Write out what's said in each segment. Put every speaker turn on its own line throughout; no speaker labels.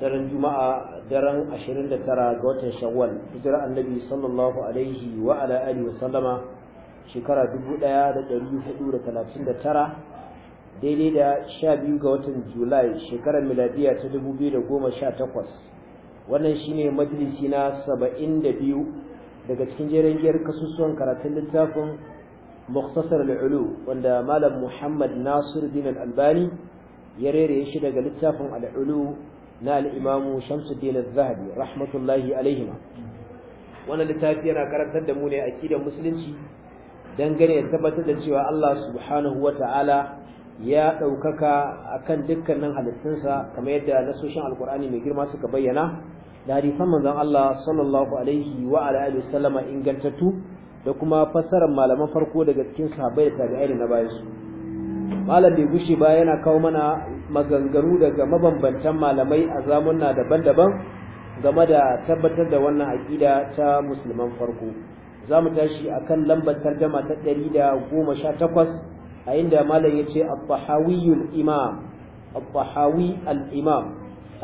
daren juma'a daren 29 ga watan shawwal hijira annabi sallallahu alaihi wa ala alihi wa sallama shekara 1439 daidai da 12 ga watan julai shekarar miladiya ta 2018 wannan shine majalisi na 72 daga cikin jerin giyar kasusuwan karatun littafin مختصر العلو wanda malam Muhammad Nasir bin Al-Albani ya rere shi daga littafin al na al'imamu imam Shamsuddin zahabi rahmatullahi alaihima wannan littafi yana karantar da mu ne kidan musulunci gane ya tabbatar da cewa Allah subhanahu wa ta'ala ya daukaka kan dukkanin halittunsa kamar yadda nasoshin alkur'ani mai girma suka bayyana da harifan manzon Allah sallallahu alaihi wa ala sallama ingantattu da kuma fassarar malaman farko daga cikin sahabbai da tabi'ai da na su. malam bai gushi ba yana kawo mana maganganu daga mabambantan malamai a zamunna daban-daban game da tabbatar da wannan aƙida ta musulman farko za mu tashi a kan lambar tarjama ta ɗari da goma sha takwas a inda malam ya ce al imam al-fahawi al-imam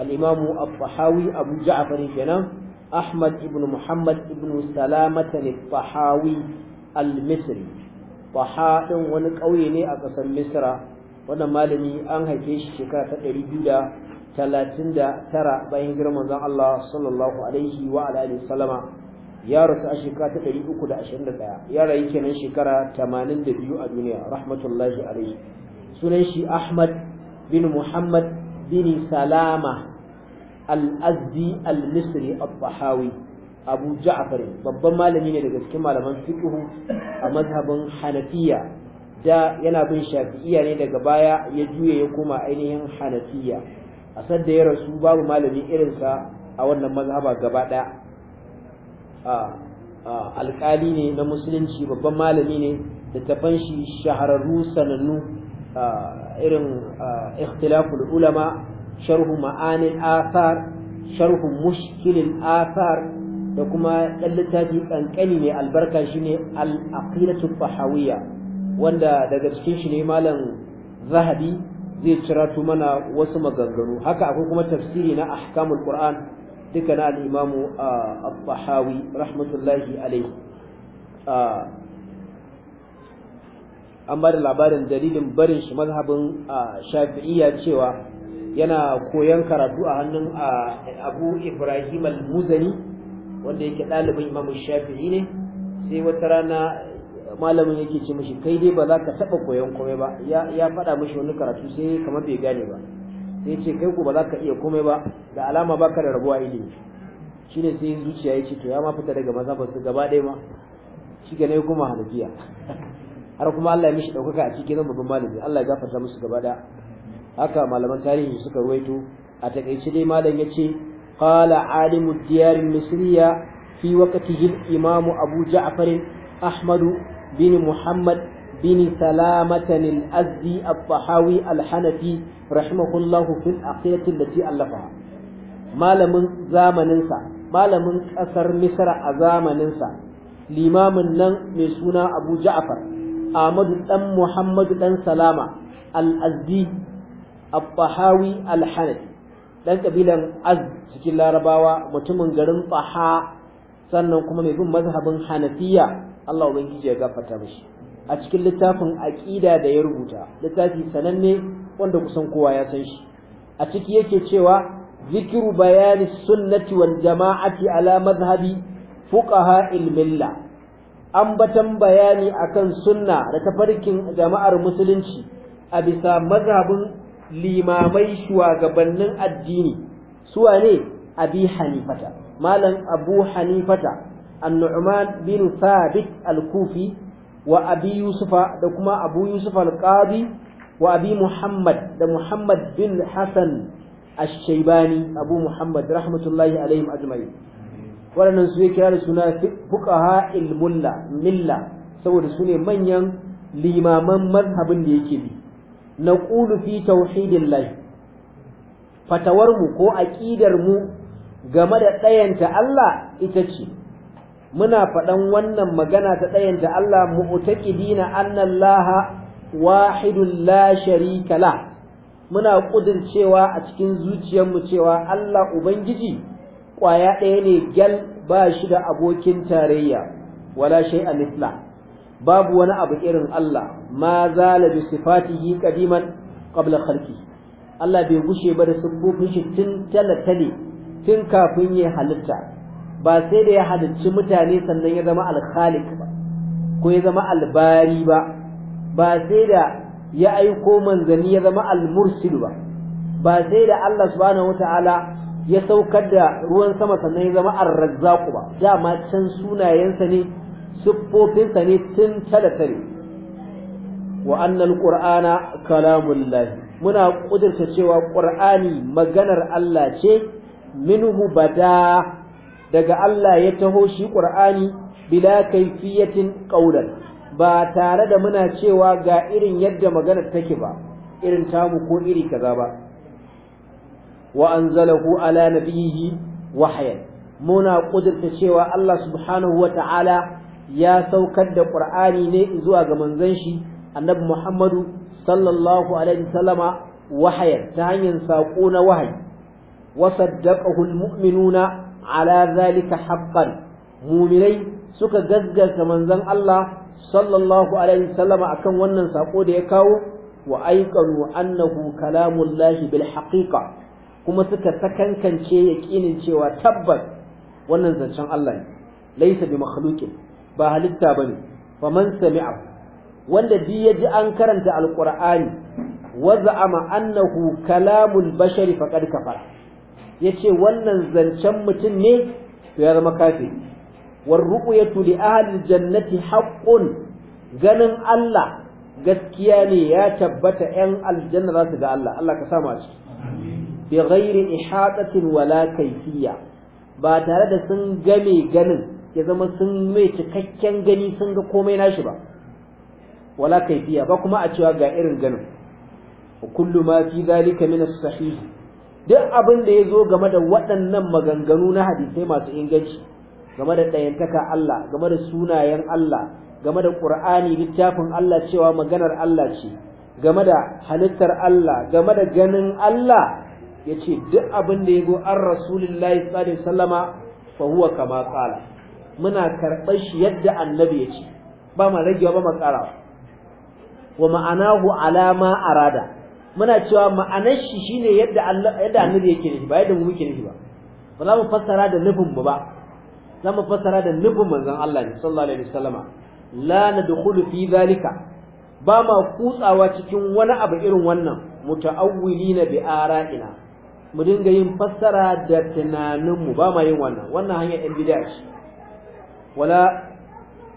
al-imamu al-fahawi abu ja'far kenan ahmad ibn muhammad ibn salamata al-fahawi al-misri baha ɗin wani ƙauye ne a ƙasar misra wannan malami an haife shi shekara ta ɗari biyu da talatin da tara bayan girman zan Allah sallallahu alaihi wa alihi salama ya rasu a shekara ta ɗari uku da ashirin da ɗaya ya rayu kenan shekara tamanin da biyu a duniya rahmatullahi alaihi sunan shi Ahmad bin Muhammad bin Salama al-Azdi al-Misri al-Bahawi abu ja'far babban malami ne daga cikin malaman fiqh a mazhabin hanafiya da yana bin shafi'iya ne daga baya ya juye ya koma ainihin hanafiya a sadda ya rasu babu malami irin sa a wannan mazhaba gaba ɗaya alƙali ne na musulunci babban malami ne da ta shi shahararru sanannu irin ikhtilaful ulama sharhu ma'anin athar sharhu mushkilin athar da kuma ɗan littafi ƙanƙani ne albarka shi ne al'aqidatu tahawiyya wanda daga cikin shi ne malam zahabi zai ciratu mana wasu maganganu haka akwai kuma tafsiri na ahkamul qur'an duka na al'imamu imamu al-tahawi rahmatullahi alaihi an ba da labarin dalilin barin shi mazhabin shafi'iyya cewa yana koyon karatu a hannun abu ibrahim al-muzani wanda yake ɗalibin imamu shafi'i ne sai wata rana malamin yake ce mashi kai dai ba za ka taɓa koyon komai ba ya faɗa mashi wani karatu sai kamar bai gane ba sai ce kai ku ba za ka iya komai ba da alama baka da rabuwa ilimi shine sai zuciya ya ce to ya ma fita daga mazhabar su gaba ɗaya ma shi ne kuma hanafiya har kuma Allah ya mishi ɗaukaka a cikin zan babban malami Allah ya gafarta musu gaba da haka malaman tarihi suka ruwaito a takaice dai malam ya ce قال عالم الديار المصرية في وقته الإمام أبو جعفر أحمد بن محمد بن سلامة الأزدي الطحاوي الحنفي رحمه الله في العقيدة التي ألفها malamin zamaninsa malamin ƙasar misra a zamaninsa limamin nan mai suna abu ja'far amadu dan muhammadu dan salama al-azdi al Ɗan kabilan az cikin larabawa mutumin garin faha sannan kuma mai bin mazhabin hanafiya Allah ubangiji ya gafarta mishi a cikin littafin aqida da ya rubuta littafi sananne wanda kusan kowa ya san shi a ciki yake cewa zikru bayani sunnati wal jama'ati ala madhhabi fuqaha al milla ambatan bayani akan sunna da tafarkin jama'ar musulunci a bisa mazhabin limamai shugabannin addini suwa ne abi hanifata malam abu hanifata annu'man bin thabit al-kufi wa abi yusufa da kuma abu yusufa al-qadi wa abi muhammad da muhammad bin hasan ash-shaybani abu muhammad rahmatullahi alaihim ajma'in waɗannan su ya kira suna fuqaha il mulla milla saboda su ne manyan limaman mazhabin da yake bi Na fi tauhidillahi fatawar mu ko ƙidar mu game da ɗayanta Allah ita ce muna faɗan wannan magana ta ɗayanta Allah mu'taqidina annan laha wahidun la sharika la muna cewa a cikin zuciyarmu cewa Allah ubangiji ƙwaya ɗaya ne gyal ba shi da abokin tarayya wala shai mithla babu wani abu irin Allah ma zala bi yi qadiman qabla khalqi Allah bai gushe ba da siffofin shi tun talatale tun kafin ya halitta ba sai da ya halicci mutane sannan ya zama alkhaliq ba ko ya zama albari ba ba sai da ya aiko manzanni ya zama almursil ba ba sai da Allah subhanahu wataala ya saukar da ruwan sama sannan ya zama arrazzaku ba dama can sunayensa ne siffofinsa ne tun talatale. wa annal qur'ana kalamullah muna kudurta cewa qur'ani maganar Allah ce minhu bada daga Allah ya taho shi qur'ani bila kayfiyatin qaulan ba tare da muna cewa ga irin yadda maganar take ba irin tamu ko iri kaza ba wa anzalahu ala nabiyhi wahyan muna kudurta cewa Allah subhanahu wata'ala ya saukar da qur'ani ne zuwa ga manzon shi annabi Muhammadu sallallahu alaihi wasallama wahayan ta hanyar saƙo na wahayi wa saddaqahu almu'minuna ala zalika haqqan mu'minai suka gaskata manzon Allah sallallahu alaihi wasallama akan wannan saƙo da ya kawo wa aiqanu annahu kalamullahi bil haqiqa kuma suka sakankance yaƙinin cewa tabbas wannan zancen Allah ne laysa bi makhluqin ba halitta bane faman sami'a wanda bi ya ji an karanta alqur'ani wa za'ama annahu kalamul bashari faqad kafara yace wannan zancen mutum ne to ya zama kafiri war ru'yatu li ahli jannati haqqun ganin Allah gaskiya ne ya tabbata ‘yan aljanna za su ga Allah, Allah ka sama shi, bi ghairi ihatatin wala kaifiya ba tare da sun game ganin ya zama sun mai cikakken gani sun ga komai nashi ba, wala kaifiya ba kuma a cewa ga irin ganin kullu ma fi zalika min as-sahih duk abin da yazo game da waɗannan maganganu na hadisai masu inganci game da dayantaka Allah game da sunayen Allah game da Qur'ani littafin Allah cewa maganar Allah ce game da halittar Allah game da ganin Allah yace duk abin da yazo an rasulullahi sallallahu alaihi wasallama fa huwa kama qala muna karɓar shi yadda annabi ya ce ba ma ragewa ba ma ƙarawa wa ma'anahu ala ma arada muna cewa ma'anar shi shine yadda Allah yadda annabi yake nufi ba yadda mu muke nufi ba ba za mu fassara da nufin mu ba za mu fassara da nufin manzon Allah ne sallallahu alaihi wasallama la nadkhulu fi zalika ba ma kutsawa cikin wani abu irin wannan muta'awwilina bi ara'ina mu dinga yin fassara da tunanin mu ba ma yin wannan wannan hanyar ɗan bid'a ce wala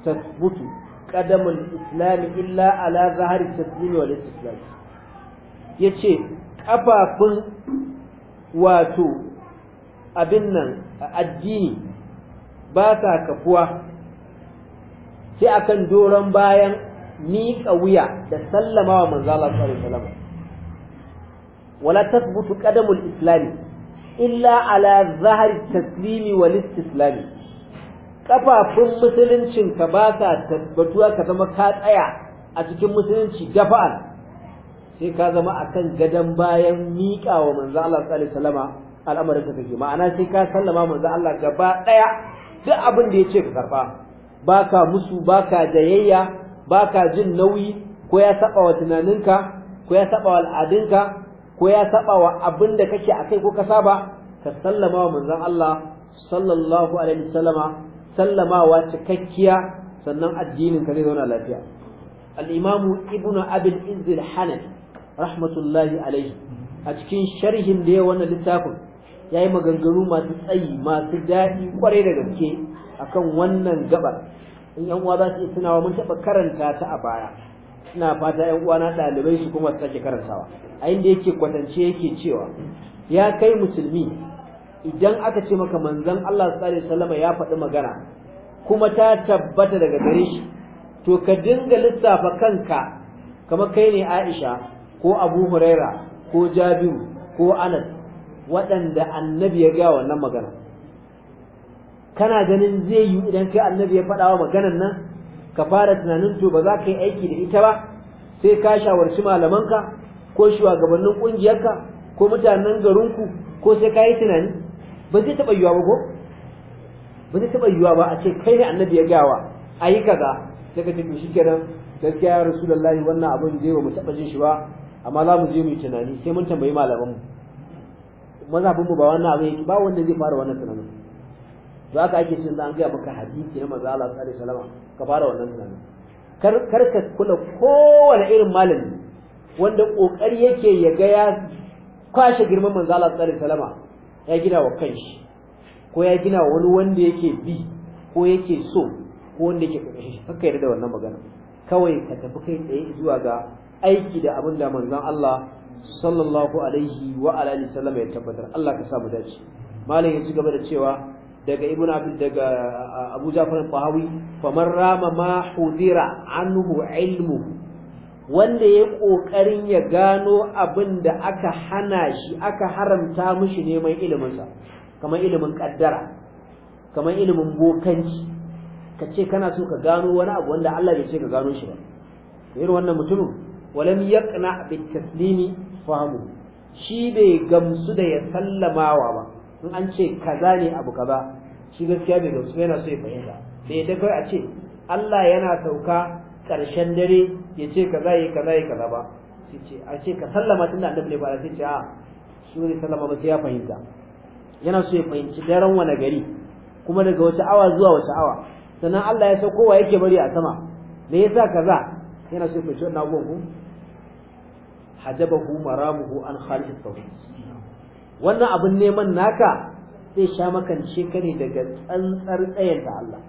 tasbutu qadamul islam illa ala zahari taslim wal istislam yace kafafun wato abin nan addini ba sa kafuwa sai akan doron bayan miƙa wuya da sallama wa manzo Allah sallallahu alaihi wasallam wala tathbutu qadamul islam illa ala zahari taslimi wal istislami kafafun musuluncin ka ba sa tabbatuwa ka zama ka tsaya a cikin musulunci gafa'an sai ka zama akan gadon bayan miƙa wa manzo Allah sallallahu alaihi wasallam al'amarin ka kake ma'ana sai ka sallama manzo Allah gaba ɗaya duk abin da ce ka karba baka musu baka jayayya baka jin nauyi ko ya saba wa tunaninka ko ya saba wa al'adunka ko ya saba wa abin da kake akai ko ka saba ka sallama wa manzon Allah sallallahu alaihi wasallama sallamawa cikakkiya sannan addinin ka zai zauna lafiya al-imam ibnu abul izz al-hanafi rahmatullahi alaihi a cikin sharhin da ya wani littafin yayi maganganu masu tsayi masu daɗi kwarai da gaske akan wannan gabar in yan uwa za su iya tunawa mun taɓa karanta ta a baya ina fata yan uwa na ɗalibai su kuma su sake karantawa a inda yake kwatance yake cewa ya kai musulmi idan aka ce maka manzon Allah sallallahu alaihi wasallam ya faɗi magana kuma ta tabbata daga gare shi to ka dinga lissafa kanka kamar kai ne Aisha ko Abu Huraira ko Jabiru ko Anas waɗanda annabi ya ga wannan magana kana ganin zai yi idan kai annabi ya faɗawa maganar nan ka fara tunanin to ba za ka yi aiki da ita ba sai ka shawarci malamanka ko shugabannin ƙungiyarka ko mutanen garinku ko sai ka yi tunani ba zai taɓa yiwuwa ba ko ba zai taɓa yiwuwa ba a ce kai ne annabi ya gawa a yi kaza sai ka tafi shi kenan gaskiya ya rasulullahi wannan abin zai yawa mu taɓa jin shi ba amma za mu je mu tunani sai mun tambayi mu. malamanmu mu ba wannan abin yake ba wanda zai fara wannan tunanin za ka ake cin zan gaya maka hadisi na manzo Allah sallallahu alaihi wasallam ka fara wannan tunanin kar kar ka kula kowane irin malami wanda kokari yake ya ga ya kwashe girman manzo Allah sallallahu alaihi wasallam ya gina wa kanshi ko ya gina wa wani wanda yake bi ko yake so ko wanda yake ƙarƙashin shi kakka yarda da wannan magana kawai ka tafi kai tsaye zuwa ga aiki da abin da manzon Allah sallallahu alaihi wa alihi sallama ya tabbatar Allah ka sa mu dace malam ya ci gaba da cewa daga ibnu abd daga abu jafar fahawi faman rama ma hudira anhu ilmu wanda ya ƙoƙarin ya gano abin da aka hana shi aka haramta mishi neman iliminsa kamar ilimin ƙaddara kamar ilimin bokanci ka ce kana so ka gano wani abu wanda Allah bai ce ka gano shi ba irin wannan mutumin walam yaqna bi taslimi fahimu shi bai gamsu da ya sallamawa ba in an ce kaza ne abu kaza shi gaskiya bai gamsu yana so ya fahimta bai da kai a ce Allah yana sauka ƙarshen dare ya ce kaza yi kaza yi kaza ba sai ce a ce ka sallama tun da annabi ne ba sai ce a su ne sallama ba sai ya fahimta yana so ya fahimci daren wani gari kuma daga wata awa zuwa wata awa sannan Allah ya san kowa yake bari a sama me yasa kaza yana so ya fahimci wannan abubuwan ku hajabahu maramuhu an khalid tawhid wannan abin neman naka zai sha makance ka ne daga tsantsar tsayin da Allah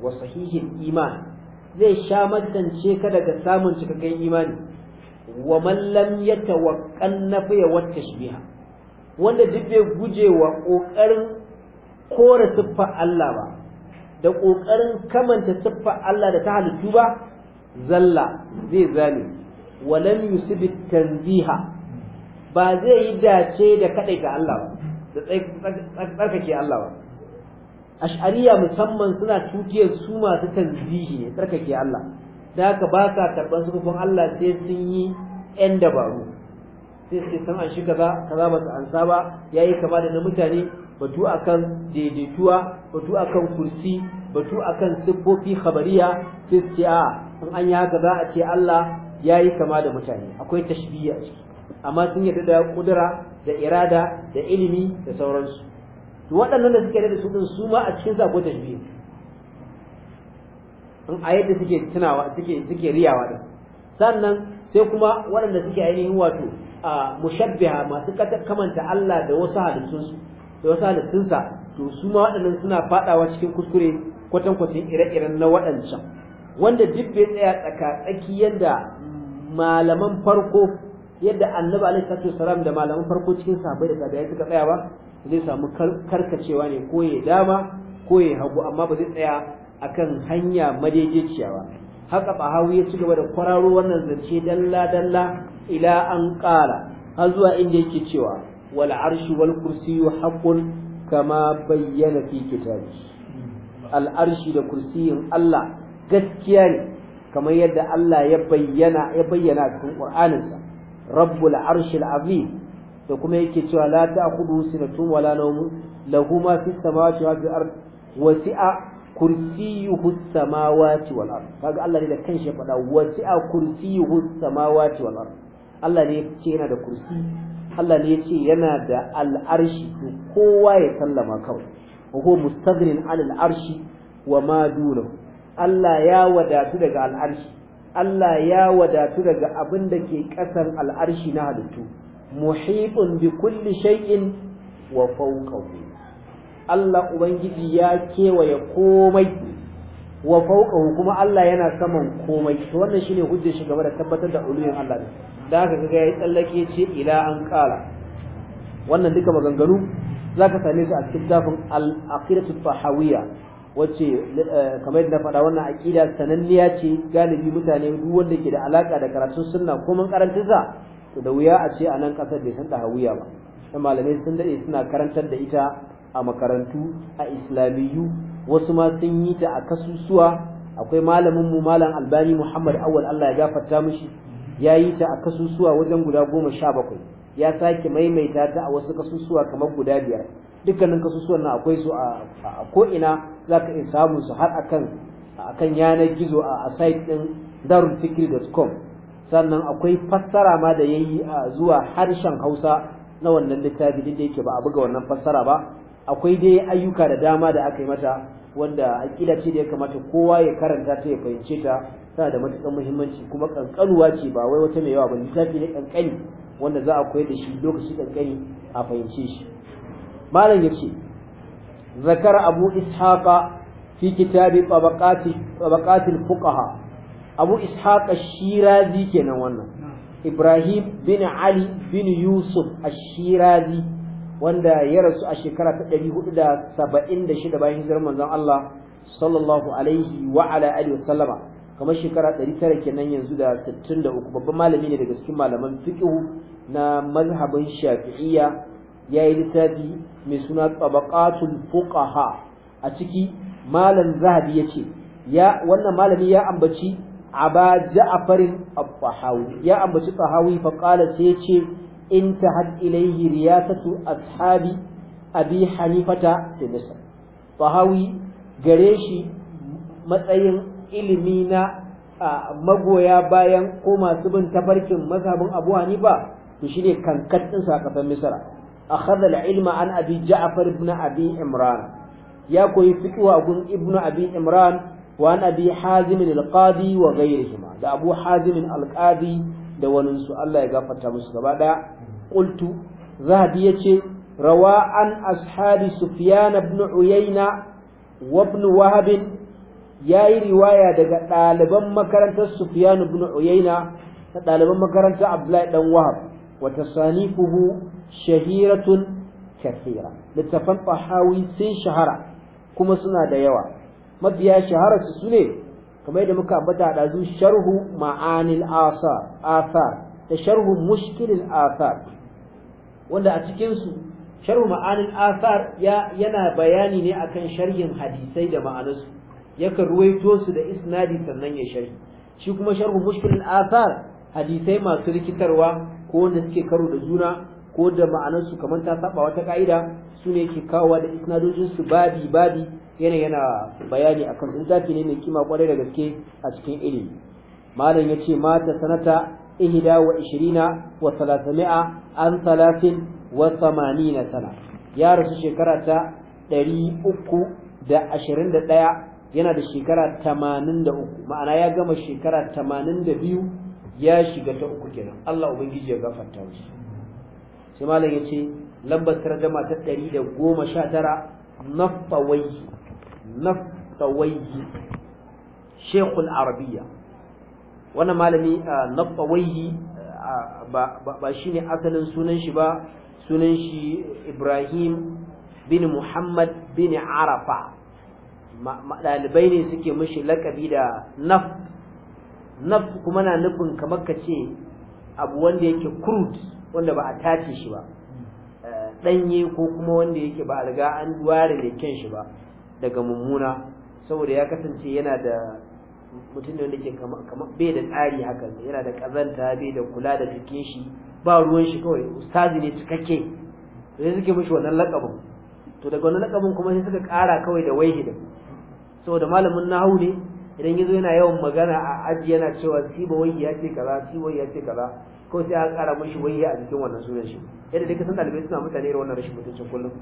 wa sahihin iman zai sha magance ka daga samun cikakken imani wa mallam ya tawakkan na fiye wata shibiha wanda duk bai guje wa ƙoƙarin kore siffar Allah ba da ƙoƙarin kamanta siffar Allah da ta halittu ba zalla zai zame lam yusibi tanziha ba zai yi dace da kaɗai ga Allah ba da tsarkake Allah ba ash'ariya musamman suna tutiyar su masu tanzihi ne tsarkake Allah da haka ba ka karɓar sufufin Allah sai sun yi ƴan dabaru sai sai san an shi kaza kaza ba su ansa ba yayi kama da na mutane batu akan daidaituwa batu akan kursi batu akan siffofi khabariya sai su a in an yi haka a ce Allah yayi kama da mutane akwai tashbiya a ciki amma sun yarda da kudura da irada da ilimi da sauransu to waɗannan da suke da su ɗin su ma a cikin sa ta shi in a yadda suke tunawa suke riyawa din sannan sai kuma waɗanda suke ainihin wato a mushabbiha masu kamanta Allah da wasu halittun da wasu halittunsa to su ma waɗannan suna faɗawa cikin kuskure kwatankwacin ire-iren na waɗancan wanda duk bai tsaya tsaka tsaki yadda malaman farko yadda annabi alaihi salatu wasalam da malaman farko cikin sahabbai da tabi'ai suka tsaya ba zai samu karkacewa ne ko ya dama ko ya hagu amma ba zai tsaya akan hanya madaidaiciya ba haka hawu ya ci gaba da kwararo wannan zance dalla dalla ila an qala har zuwa inda yake cewa wal arshu wal kursiyu haqqun kama bayyana fi kitabi al arshi da kursiyin Allah gaskiya ne kamar yadda Allah ya bayyana ya bayyana cikin Qur'aninsa rabbul arshil azim da kuma yake cewa la ta'khudhu sinatun wala nawm lahu ma fi samawati wa fi ard wasi'a kursiyuhu samawati wal ard kaga Allah ne da kanshi ya faɗa wasi'a kursiyuhu samawati wal ard Allah ne yace yana da kursi Allah ne yace yana da al'arshi to kowa ya sallama kawai ko huwa mustaghnin 'ala al'arshi wa ma dunahu Allah ya wadatu daga al'arshi Allah ya wadatu daga abin da ke ƙasan al'arshi na halittu muhitun bi kulli shay'in wa fawqahu Allah ubangiji ya kewaye komai wa kuma Allah yana saman komai to wannan shine hujjar shi game da tabbatar da uluyin Allah ne da haka kaga ya tsallake ce ila an kala wannan duka maganganu zaka same su a cikin dafin al-aqidatu tahawiyya wacce eh, kamar yadda faɗa wannan aƙida sananniya ce galibi mutane duk wanda ke da alaƙa da karatun sunna ko mun karanta to da wuya a ce a nan kasar bai san da hawuya ba da malamai sun daɗe suna karantar da ita a makarantu a islamiyu wasu ma sun yi ta a kasusuwa akwai malamin mu malam albani muhammad awal allah ya gafarta mishi ya yi ta a kasusuwa wajen guda goma sha bakwai ya sake maimaita ta a wasu kasusuwa kamar guda biyar dukkanin kasusuwan nan akwai su a ko'ina za ka iya samun su har akan akan yanar gizo a site din darulfikri.com sannan akwai fassara ma da yayi zuwa harshen Hausa na wannan littafi din da yake ba a buga wannan fassara ba akwai dai ayyuka da dama da aka yi mata wanda aqida ce da ya kamata kowa ya karanta ta ya fahimce ta tana da matuƙar muhimmanci kuma kankanuwa ce ba wai wata mai yawa ba littafi ne kankani wanda za a koyar da shi lokaci kankani a fahimce shi malam yace zakar abu ishaqa fi kitabi tabaqati tabaqatil fuqaha abu ishaq ash-shirazi kenan wannan ibrahim bin ali bin yusuf ash-shirazi wanda ya rasu a shekara ta 476 bayan hijirar manzon Allah sallallahu alaihi wa ala alihi sallama kamar shekara 900 kenan yanzu da 63 babban malami ne daga cikin malaman fiqh na mazhabin shafi'iyya yayi littafi mai suna tabaqatul fuqaha a ciki malam zahabi yace ya wannan malami ya ambaci aba ja'farin al-fahawi ya ambaci fahawi fa qala sai ce in tahat ilayhi riyasatu ashabi abi hanifata fi misr fahawi gare shi matsayin ilimi na magoya bayan ko masu bin tafarkin mazhabin abu hanifa to shine kankat din sa kafin misra akhadha al-ilma an abi ja'far ibn abi imran ya koyi fiqh a gun ibn abi imran وعن أبي حازم القاضي وغيرهما ده أبو حازم القاضي ده وننسو الله يغفر تمسك بعد قلت ذهبية روا عن أصحاب سفيان بن عيينة وابن وهب ياي رواية ده طالبان مكرنة سفيان بن عيينة طالبان مكرنة عبد الله بن وهب وتصانيفه شهيرة كثيرة لتفن طحاوي سن شهرة كما سنة ده يوى Mabiya shahararsu su ne kamar yadda muka ambata zu sharhu ma'anil asar da sharhu mushkilin asar wanda a cikinsu sharhu ma'anil asar yana bayani ne akan sharhin hadisai da ma'anarsu yakan ruwaito su da isnadi sannan ya sharhi shi kuma sharhu mushkilin asar hadisai masu rikitarwa ko wanda suke karo da juna ko da ma'anarsu kamar ta saba wata ka'ida su ne ke kawo da isnadojinsu babi babi yana yana bayani akan in zaki ne mai kima kwarai da gaske a cikin ilimi malam yace mata sanata ihda wa ishirina wa 300 an 30 wa 80 sana ya rasu shekara ta ɗari uku da ashirin da ɗaya yana da shekara tamanin da uku ma'ana ya gama shekara tamanin da biyu ya shiga ta uku kenan Allah ubangiji ya gafarta shi sai malam yace lambar tarjama ta ɗari da goma sha tara nafawai naftawaihi shekul arabiya wannan malami ah, naftawaihi ah, ba shine asalin sunan shi ba sunan shi ibrahim bin muhammad bin arafa ɗalibai ne suke mashi lakabi da naf naf kuma na nufin kamar ka ce abu wanda yake crude wanda ba a tace shi ba eh, ɗanye ko kuma wanda yake ba a riga an ware da kyan shi ba daga mummuna saboda ya kasance yana da mutum ne wanda ke kama bai da tsari haka yana da kazanta bai da kula da jikin shi ba ruwan shi kawai ustazi ne cikakke to sai suke mishi wannan lakabin to daga wannan lakabin kuma sai suka ƙara kawai da waihi da saboda malamin nahawu ne idan yazo yana yawan magana a aji yana cewa siba waihi ya ce kaza siba waihi ya ce kaza ko sai aka ƙara mishi waihi a jikin wannan sunan shi yadda dai ka san ɗalibai suna mutane irin wannan rashin mutuncin kullum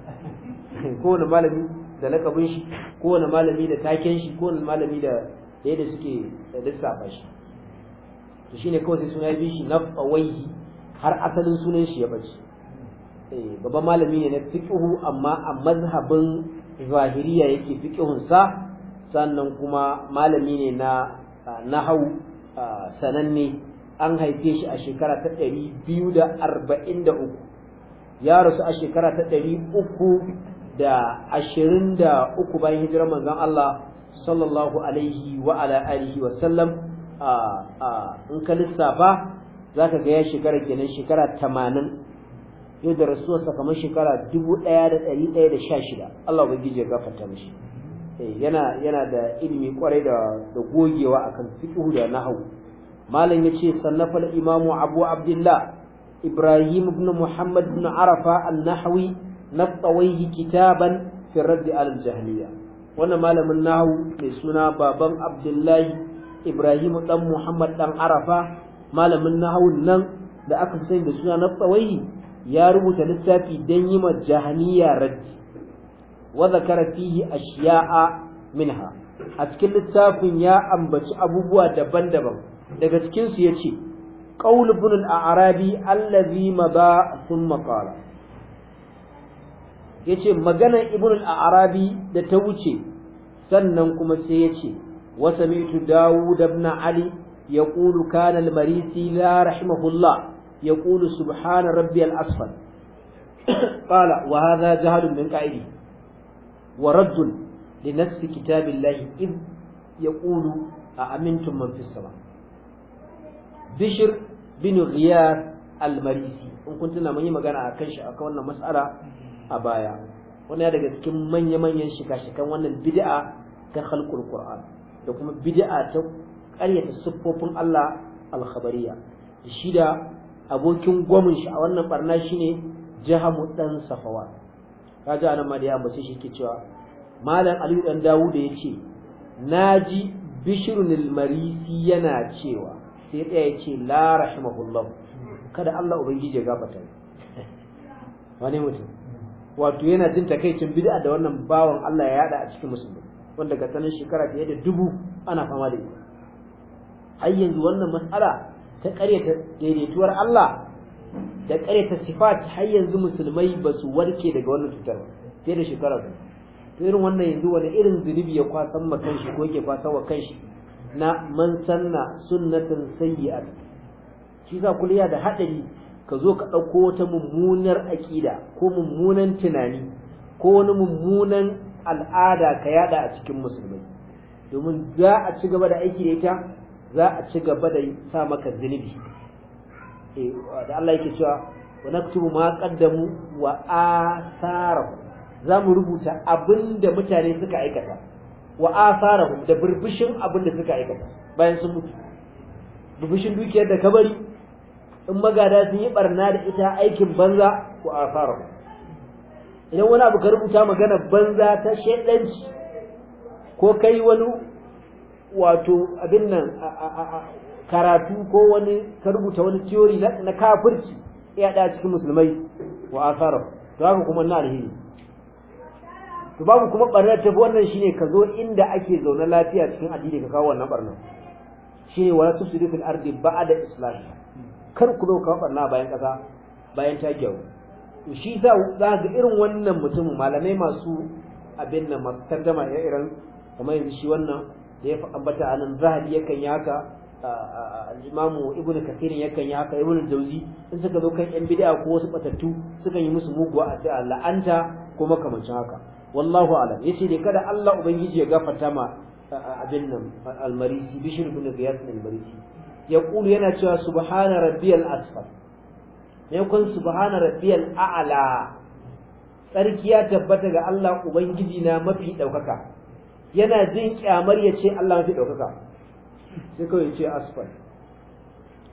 kowane malami da lakabin shi wani malami da taken shi ko wani malami da yadda suke lissafa shi to shine kawai sai suna bi shi nafawaihi har asalin sunan shi ya bace eh babban malami ne na fiqhu amma a mazhabin zahiriya yake fiqhun sa sannan kuma malami ne na ah, nahau ah, sananne an haife shi a shekara ta ɗari biyu da arba'in da uku ya rasu a shekara ta ɗari uku da ashirin da uku bayan hijirar manzon Allah sallallahu alaihi wa ala alihi wa sallam in ka lissafa za ka ga ya shekara kenan shekara tamanin yau da rasuwarsa kamar shekara dubu ɗaya da ɗari ɗaya da sha shida Allah ubangiji ya gafarta mishi eh, yana yana da ilimi kwarai da da gogewa akan fiqh da nahwu malam ya ce al-imamu Abu Abdullah Ibrahim ibn Muhammad ibn Arafa an-Nahwi naftawaihi kitaban fi raddi al-jahiliya wannan malamin nahu mai suna baban abdullahi ibrahim dan muhammad dan arafa malamin nahawun nan da aka sani da suna naftawaihi ya rubuta littafi dan yi ma jahiliya raddi wa zakara fihi ashiya'a minha a cikin littafin ya ambaci abubuwa daban-daban daga cikin su yace qaul ibn al-arabi allazi maba thumma qala ya ce maganar ibn al-arabi da ta wuce sannan kuma sai yace wa sami'tu dawud ibn ali yaqulu kana al-marisi la rahimahullah yaqulu subhana rabbiyal asfal qala wa hadha jahlun min qa'idi wa raddun li nafsi kitabillahi id yaqulu a amintun man fis sama bishr bin riyar al-marisi in kun tuna mun yi magana akan shi akan wannan mas'ala a baya wannan daga cikin manya-manyan shika-shikan wannan bid'a ta halkul qur'an da kuma bid'a ta ƙaryata siffofin Allah al-khabariya shi da abokin gwamin shi a wannan barna shine jahamu dan safawa kaji anan ma da ya ambace shi ke cewa malam aliyu dan dawud ya ce naji bishirun al-marisi yana cewa sai ɗaya ya ce la rahimahullah kada Allah ubangiji ya gafarta wani mutum wato yana jin takaicin bid'a da wannan bawan Allah ya yada a cikin musulmi wanda ga sanin shekara fiye da dubu ana fama da ita har yanzu wannan matsala ta ƙaryata daidaituwar Allah da ƙaryata sifat har yanzu musulmai ba su warke daga wannan cutar fiye da shekara Ta to irin wannan yanzu wani irin zunubi ya kwasan ma kanshi ko yake kwasan wa kanshi na man sanna sunnatan sayyi'at shi za kuliya da hadari ka zo ka ɗauko wata mummunar aƙida ko mummunan tunani ko wani mummunan al'ada ka yada a cikin musulmai domin za a ci gaba da aiki da ita za a ci gaba da sa maka zunubi eh, da Allah yake cewa wa naktubu ma qaddamu wa asara za mu rubuta abinda mutane suka aikata wa asara da burbushin abinda suka aikata bayan sun mutu burbushin dukiyar da kabari in magada sun yi barna da ita aikin banza ku asara idan wani abu ka rubuta magana banza ta shedanci ko kai wani wato abin nan karatu ko wani ka rubuta wani theory na kafirci ya da cikin musulmai wa asara to haka kuma na alheri to babu kuma barnar ta wannan shine ka zo inda ake zaune lafiya cikin addini ka kawo wannan barnar shine wala tusidu fil ardi ba'da islamiyya kar ku zo kawo barna bayan ƙasa bayan ta gyaru shi za za ga irin wannan mutum malamai masu abin nan masu ya irin kamar yanzu shi wannan da ya ambata a nan zahabi yakan yi haka imamu ibnu kasirin yakan yaka, haka ibnu in suka zo kan yan bid'a ko wasu batattu sukan yi musu muguwa a a la'anta ko makamancin haka wallahu alam yace dai kada Allah ubangiji ya gafarta ma abin nan almarisi bishir ibn giyas almarisi ya ƙulu yana cewa subhana rabbiyal asfal ne kun subhana rabbiyal a'la sarki ya tabbata ga Allah ubangiji na mafi daukaka yana jin kyamar ya ce Allah mafi daukaka sai kawai ce asfal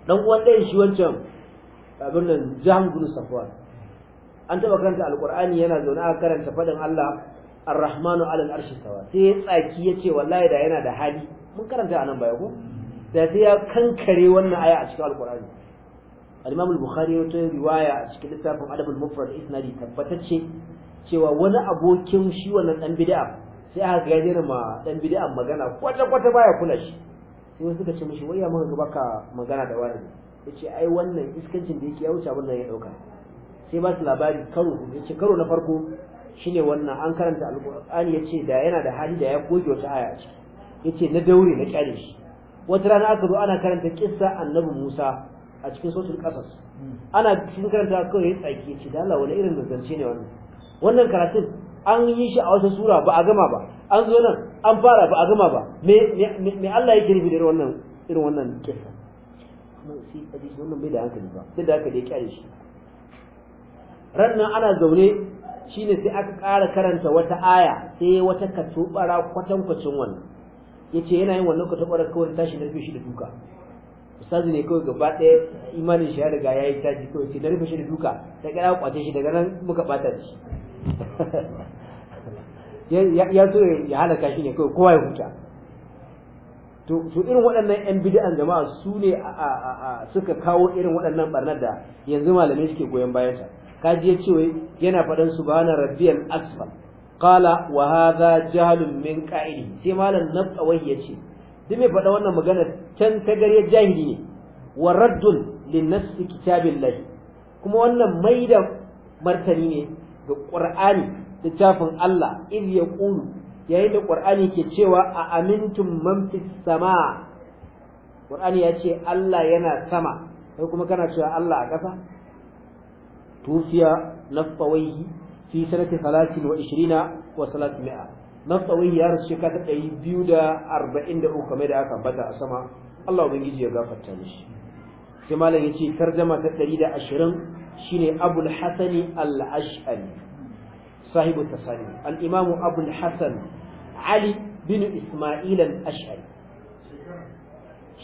dan uwan dai shi wancan abin nan jahan gudu an taba karanta alƙur'ani yana zaune a karanta faɗin Allah arrahmanu rahmanu alal arshi sawa sai tsaki ya wallahi da yana da hali mun karanta anan baya ko da sai ya kankare wannan aya a cikin alkur'ani al-imam al-bukhari ya ta riwaya a cikin littafin adabul mufrad isnadi tabbatacce cewa wani abokin shi wannan dan bid'a sai aka gajera ma dan bid'a magana kwata kwata baya kula shi sai wasu suka ce mishi wai ya maka baka magana da wani yace ai wannan iskancin da yake ya wuce abin da ya dauka sai ba su labari karo yace karo na farko shine wannan an karanta alqur'ani yace da yana da hali da ya goge wata aya ce yace na daure na kyale shi wata rana aka zo ana karanta kissa annabi Musa a cikin sotul kasas ana cikin karanta kawai tsaki ce da Allah wani irin zance ne wannan wannan karatun an yi shi a wata sura ba a gama ba an zo nan an fara ba a gama ba me me Allah yake nufi da wannan irin wannan kissa kuma sai a ji wannan bai da hankali ba sai da haka dai kyale shi ran ana zaune shine sai aka ƙara karanta wata aya sai wata katubara kwatankwacin wannan yace yana yin wannan katabarar kawai tashi na rufe shi da duka ustazi ne kawai gaba ɗaya imanin shi ya riga yi tashi kawai ce na rufe shi da duka ta kira kwace shi daga nan muka bata da shi ya so ya halaka shi ne kawai kowa ya huta to irin waɗannan 'yan bid'an jama'a su ne suka kawo irin waɗannan barnar da yanzu malamai suke goyon bayansa kaji ya ce yana faɗan su ba na rabbiyal asfal qala wa hadha jahlun min qa'ili sai malam nabawi yace duk mai faɗa wannan magana can ta gare jahili ne wa raddun lin nass kitabillah kuma wannan mai maida martani ne ga qur'ani littafin Allah in ya qulu yayin da qur'ani ke cewa a amintum man fis sama qur'ani ya ce Allah yana sama kai kuma kana cewa Allah a ƙasa tufiya nafawaihi fi sanati salatin wa ishirina wa salatin mi'a nan tsawon ya rasu shekara ta ɗari biyu da arba'in da uku kamar da aka bata a sama Allah ubangiji ya gafarta mishi sai malam ya ce tarjama ta ɗari da ashirin shine abul hasani al-ash'ari sahibu tasani al-imamu abul hasan ali bin isma'il al-ash'ari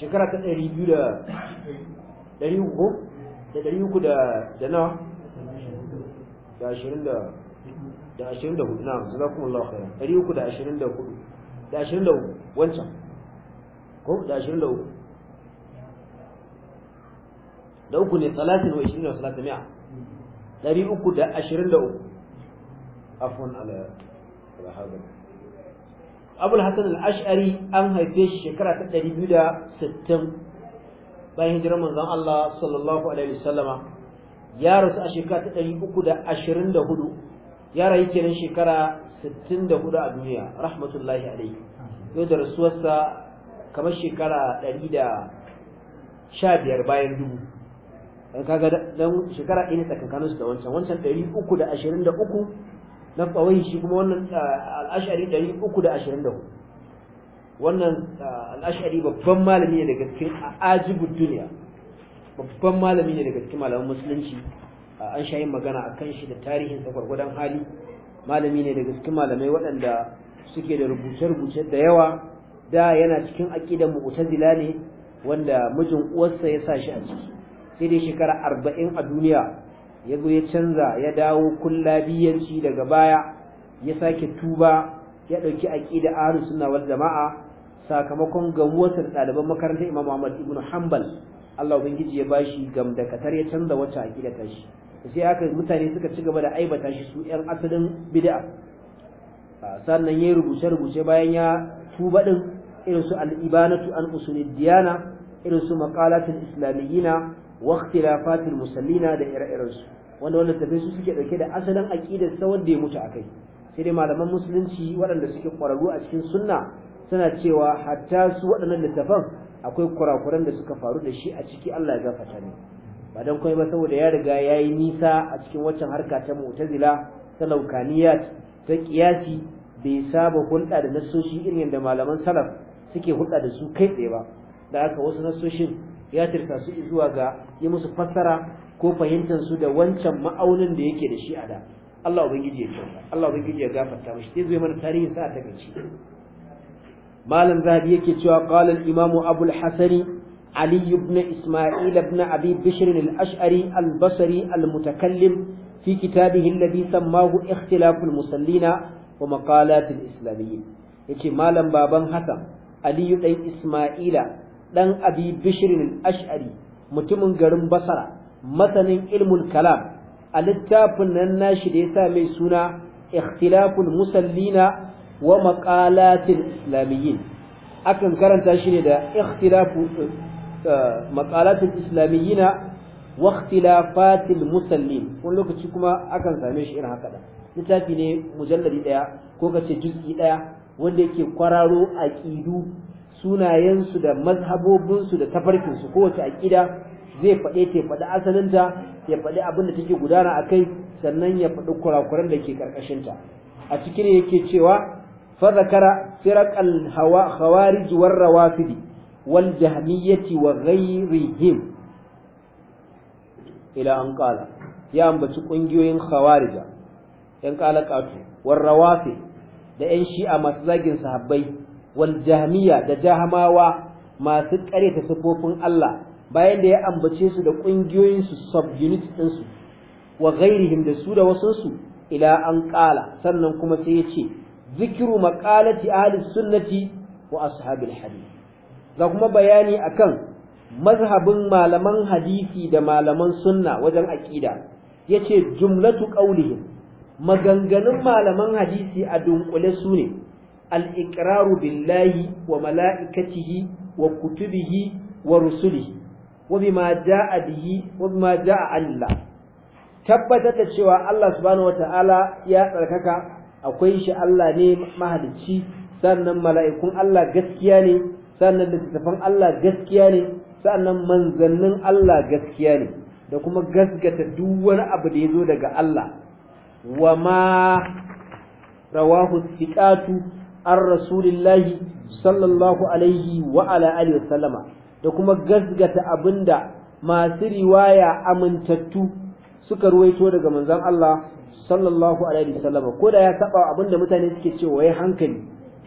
shekara ta ɗari biyu da ɗari uku da ɗari uku da nawa da ashirin da da ashirin da hudu na jazakumullahu ɗari uku da ashirin da hudu da ashirin da hudu wancan ko da ashirin da hudu da uku ne talatin wa ishirin da talatin mi'a ɗari uku da ashirin da uku afon ala alhabar abul hasan al-ash'ari an haife shi shekara ta ɗari biyu da sittin bayan hijirar manzon Allah sallallahu alaihi wasallama ya rasu a shekara ta ɗari uku da ashirin da hudu ya rayu kenan shekara sittin da hudu a duniya rahmatullahi alaihi yau da rasuwarsa kamar shekara ɗari da sha biyar bayan dubu kaga dan shekara ɗaya ne tsakankanin su da wancan wancan ɗari uku da ashirin da uku na ɓawai shi kuma wannan al'ashari ɗari uku da ashirin da hudu wannan al'ashari babban malami ne daga cikin ajibu duniya babban malami ne daga cikin malaman musulunci an sha yin magana a kan shi da tarihin sa gwargwadon hali malami ne daga cikin malamai waɗanda suke da rubuce-rubuce da yawa da yana cikin aƙidar mu'tazila ne wanda mijin uwarsa ya sa shi a ciki sai dai shekara arba'in a duniya ya zo ya canza ya dawo kullabiyanci daga baya ya sake tuba ya ɗauki aƙida ahlus sunna wal jama'a sakamakon gamuwarsa da ɗaliban makarantar imam ahmad ibn hanbal Allah ubangiji ya bashi katar ya canza wata aqida ta shi sai haka mutane suka ci gaba da aibata shi su ɗan asalin bid'a ah, sannan yayi rubuce rubuce bayan ya tuba din irin su al-ibanatu an usulid diyana irin su maqalatul islamiyina wa ikhtilafatul musallina da ire-iren su wanda wannan tafi su suke dauke da asalin aqidar sa wanda ya mutu akai sai dai malaman musulunci waɗanda suke ƙwararru a cikin sunna suna cewa hatta su waɗannan littafan akwai kurakuran da suka faru da shi a ciki Allah ya gafarta ne ba dan kai ba saboda ya riga yayi nisa a cikin waccan harka ta mu'tazila ta laukaniyat ta qiyasi bai saba hulɗa da nasoshi irin da malaman salaf suke hulɗa da su kai tsaye ba da haka wasu nasoshin ya tirka su zuwa ga yi musu fassara ko fahimtar su da wancan ma'aunin da yake da shi a da Allah ubangiji ya tsaya Allah ubangiji ya gafarta mishi zai zo mana tarihin sa ta gaci malam zahabi yake cewa qala imamu imam abul hasani ali ibn isma'il ibn abi bishr al ash'ari al basri al mutakallim fi kitabihi alladhi sammahu ikhtilaf al musallina wa maqalat al islamiyyin yace malam baban hasan ali dan isma'ila dan abi bishr al ash'ari mutumin garin basra masanin ilmul kalam a littafin nan nashi da ya sa mai suna ikhtilaful musallina wa maqalatil islamiyyin akan karanta shi ne da ikhtilafu eh, maqalatil islamiyyina wa ikhtilafatil musallin wani lokaci kuma akan same shi irin haka da littafi ne mujalladi daya ko kace juz'i daya wanda yake kwararo aqidu sunayensu da mazhabobinsu da tafarkinsu kowace aƙida zai faɗe ta faɗi asalinta ya faɗi abin da take gudana a kai sannan ya faɗi kurakuran da ke ƙarƙashinta a ciki cikin yake cewa فذكر فرق الخوارج والروافد والجهمية وغيرهم إلى أن قال يا أم بتقنجيين خوارج إن قال قاتل والروافد da ‘yan shi'a masu zagin sahabbai wal jahmiya da jahamawa masu ƙareta sufofin Allah bayan da ya ambace su da ƙungiyoyinsu subunit ɗinsu wa gairihim da su da wasansu ila an ƙala sannan kuma sai ya ce zikiru maƙalati ahalus sunnati wa ashabil hadith ga kuma bayani akan mazhabin malaman hadisi da malaman sunna wajen aqida yace jumlatu qaulihim maganganun malaman hadisi a dunkule sune al-iqraru billahi wa mala'ikatihi wa kutubihi wa rusulihi wa bima jaa Allah tabbatar da cewa Allah subhanahu ya tsarkaka akwai shi Allah ne mahalicci sannan mala'ikun Allah gaskiya ne sannan littattafan Allah gaskiya ne sannan manzannin Allah gaskiya ne da kuma gaskata duk wani abu da ya zo daga Allah wa ma rawahu thiqatu an rasulillahi sallallahu alaihi wa ala alihi wasallama da kuma gaskata abinda masu riwaya amintattu suka ruwaito daga manzon Allah sallallahu alaihi wasallam ko da ya saba abinda mutane suke cewa wai hankali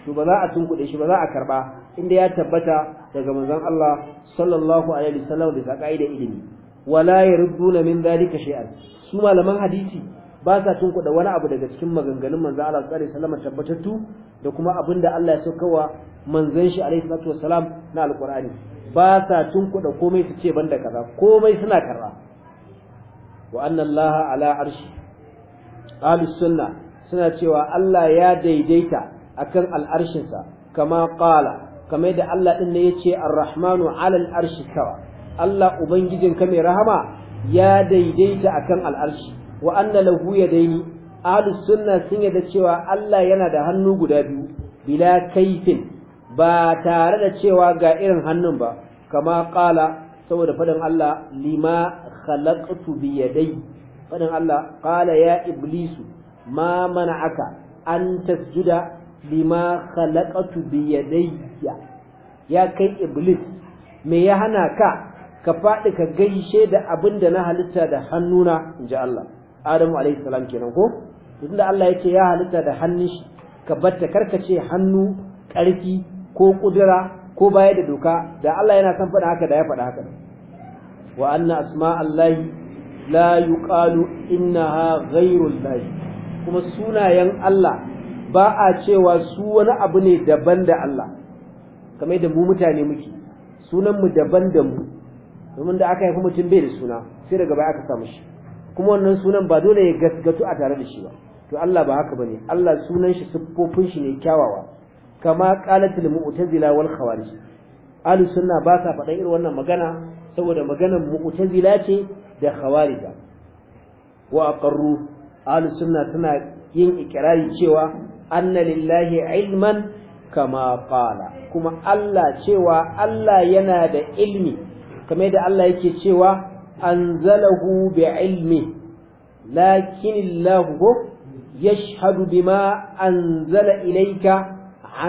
to ba za a tunkuɗe shi ba za a karba inda ya tabbata daga manzon Allah sallallahu alaihi wasallam da kaida ilimi wala yarduna min dalika shay'an su malaman hadisi ba sa tunkuɗe wani abu daga cikin maganganun manzon Allah sallallahu alaihi wasallam tabbatattu da kuma abinda Allah ya saukawa manzon shi alaihi salatu wasalam na alqur'ani ba sa tunkuɗe komai su ce banda kaza komai suna karba wa anna Allah ala arshi ahlus sunna suna cewa Allah ya daidaita akan al'arshinsa kama ƙala. kamar da Allah ɗin ne yace ar-rahmanu 'ala al-arshi kawa Allah ubangijin ka mai rahama ya daidaita akan al'arshi wa anna lahu yadaini ahlus sunna sun yada cewa Allah yana da hannu guda biyu bila kaifin ba tare da cewa ga irin hannun ba kama ƙala. saboda faɗin Allah lima khalaqtu bi yadayya faɗin Allah ƙala ya iblisu ma aka an tasjuda lima khalaqatu bi yadayya ya kai iblis me ya hana ka ka faɗi ka gaishe da abin da na halitta da hannuna in ji Allah Adamu alayhi salam kenan ko tunda Allah yake ya halitta da hannun shi ka batta karkace hannu ƙarfi ko kudura ko baya da doka da Allah yana san faɗa haka da ya faɗa haka wa anna asma Allahi la yuqalu innaha ghayrul lahi kuma sunayen Allah ba a cewa su wani abu ne daban da Allah kamar da mu mutane muke sunan mu daban da mu domin da aka haifi mutum bai da suna sai daga baya aka samu shi kuma wannan sunan ba dole ya gasgatu a tare da shi ba to Allah ba haka bane Allah sunan shi siffofin shi ne kyawawa kama qalatul mu'tazila wal khawarij ahli sunna ba sa faɗan irin wannan magana saboda maganar mu'tazila ce da khawarija wa aqarru ahlus sunna suna yin ikrari cewa anna lillahi ilman kama qala kuma Allah cewa Allah yana da ilmi kamar da Allah yake cewa anzalahu bi ilmi lakin Allah yashhadu bima anzala ilayka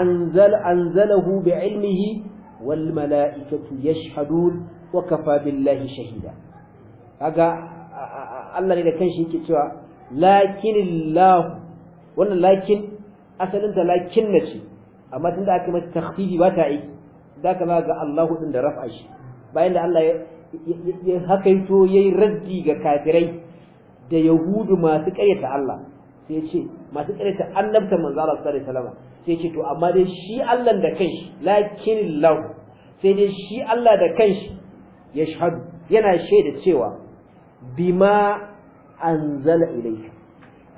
anzal anzalahu bi ilmihi wal mala'ikatu yashhadun wa kafa billahi shahida kaga Allah ne da kanshi yake cewa lakinillahu wannan lakin asalin da lakin na ce amma tun da aka mata takhfifi ba ta aiki da ka ga Allah din da rafa shi bayan da Allah ya hakaito yayi raddi ga kafirai da yahudu masu ƙaryata Allah sai ya ce masu ƙaryata annabta manzo Allah sallallahu alaihi wasallam sai ya ce to amma dai shi Allah da kanshi lakinillahu sai dai shi Allah da kanshi ya shahadu yana shaida cewa bima anzala ilayka